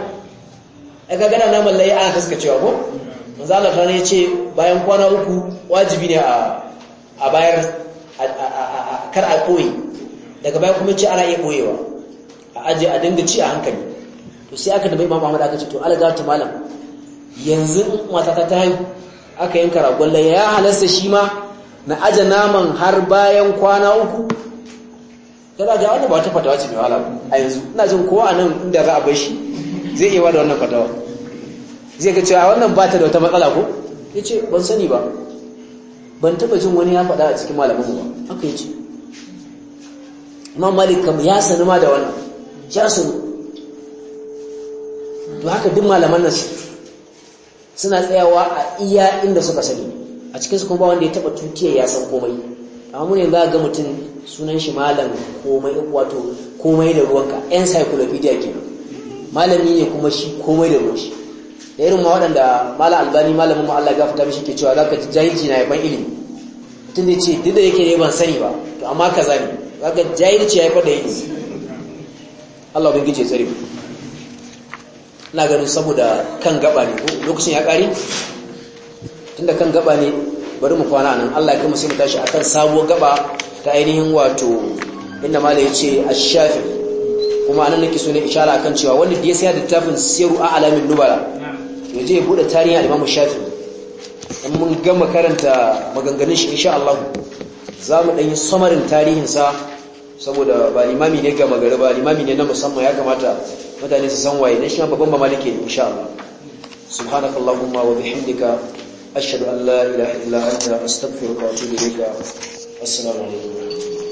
Speaker 1: aka gana naman layi ana taskacewa ko manzo Allah ta ne ce bayan kwana uku wajibi ne a a bayar kar a koyi daga bayan kuma ce ana iya koyewa a aje a dinga ci a hankali to sai aka da Imam Ahmad aka ce to Allah ta malam yanzu mata ta tayi aka yanka ragon layi ya halasta shi ma na aje naman har bayan kwana uku da ga wannan ba ta fata ce mai wala a yanzu ina jin kowa anan inda za a bar shi zai iya da wannan fatawa zai ga cewa wannan ba ta da wata matsala ko ya ce ban sani ba ban taba jin wani ya faɗa a cikin malamin ba haka ya ce imam malik kam ya sani ma da wannan ya sani to haka duk malaman nan suna tsayawa a iya inda suka sani a cikinsu kuma ba wanda ya taba tutiyar ya san komai amma mun yanzu ga mutum sunan shi malam komai wato komai da ruwanka encyclopedia kenan malami ne kuma shi komai da roshi da irin ma waɗanda malam albani malamin mu Allah gafarta mishi ke cewa zaka ji jahilci na yaban ilimi mutum zai ce duk da yake ne ban sani ba to amma kaza za zaka jahilci ya yafa da ilimi Allah ubangiji gice tsare mu ina ganin saboda kan gaba ne lokacin ya kare tunda kan gaba ne bari mu kwana nan Allah ya kuma sai mu tashi akan sabuwar gaba ta ainihin wato inda malai ya ce ash-shafi'i kuma anan nake so ne ishara akan cewa wanda da ya saya littafin siru a alamin nubala to je ya bude tarihin al-Imam Shafi'i in mun gama karanta maganganun shi insha Allah za mu dan yi samarin tarihin sa saboda ba limami ne ga magari ba limami ne na musamman ya kamata mutane su san waye dan shi babban ba malike ne insha Allah subhanakallahumma wa bihamdika ashhadu an la ilaha illa anta astaghfiruka wa atubu ilayka assalamu alaikum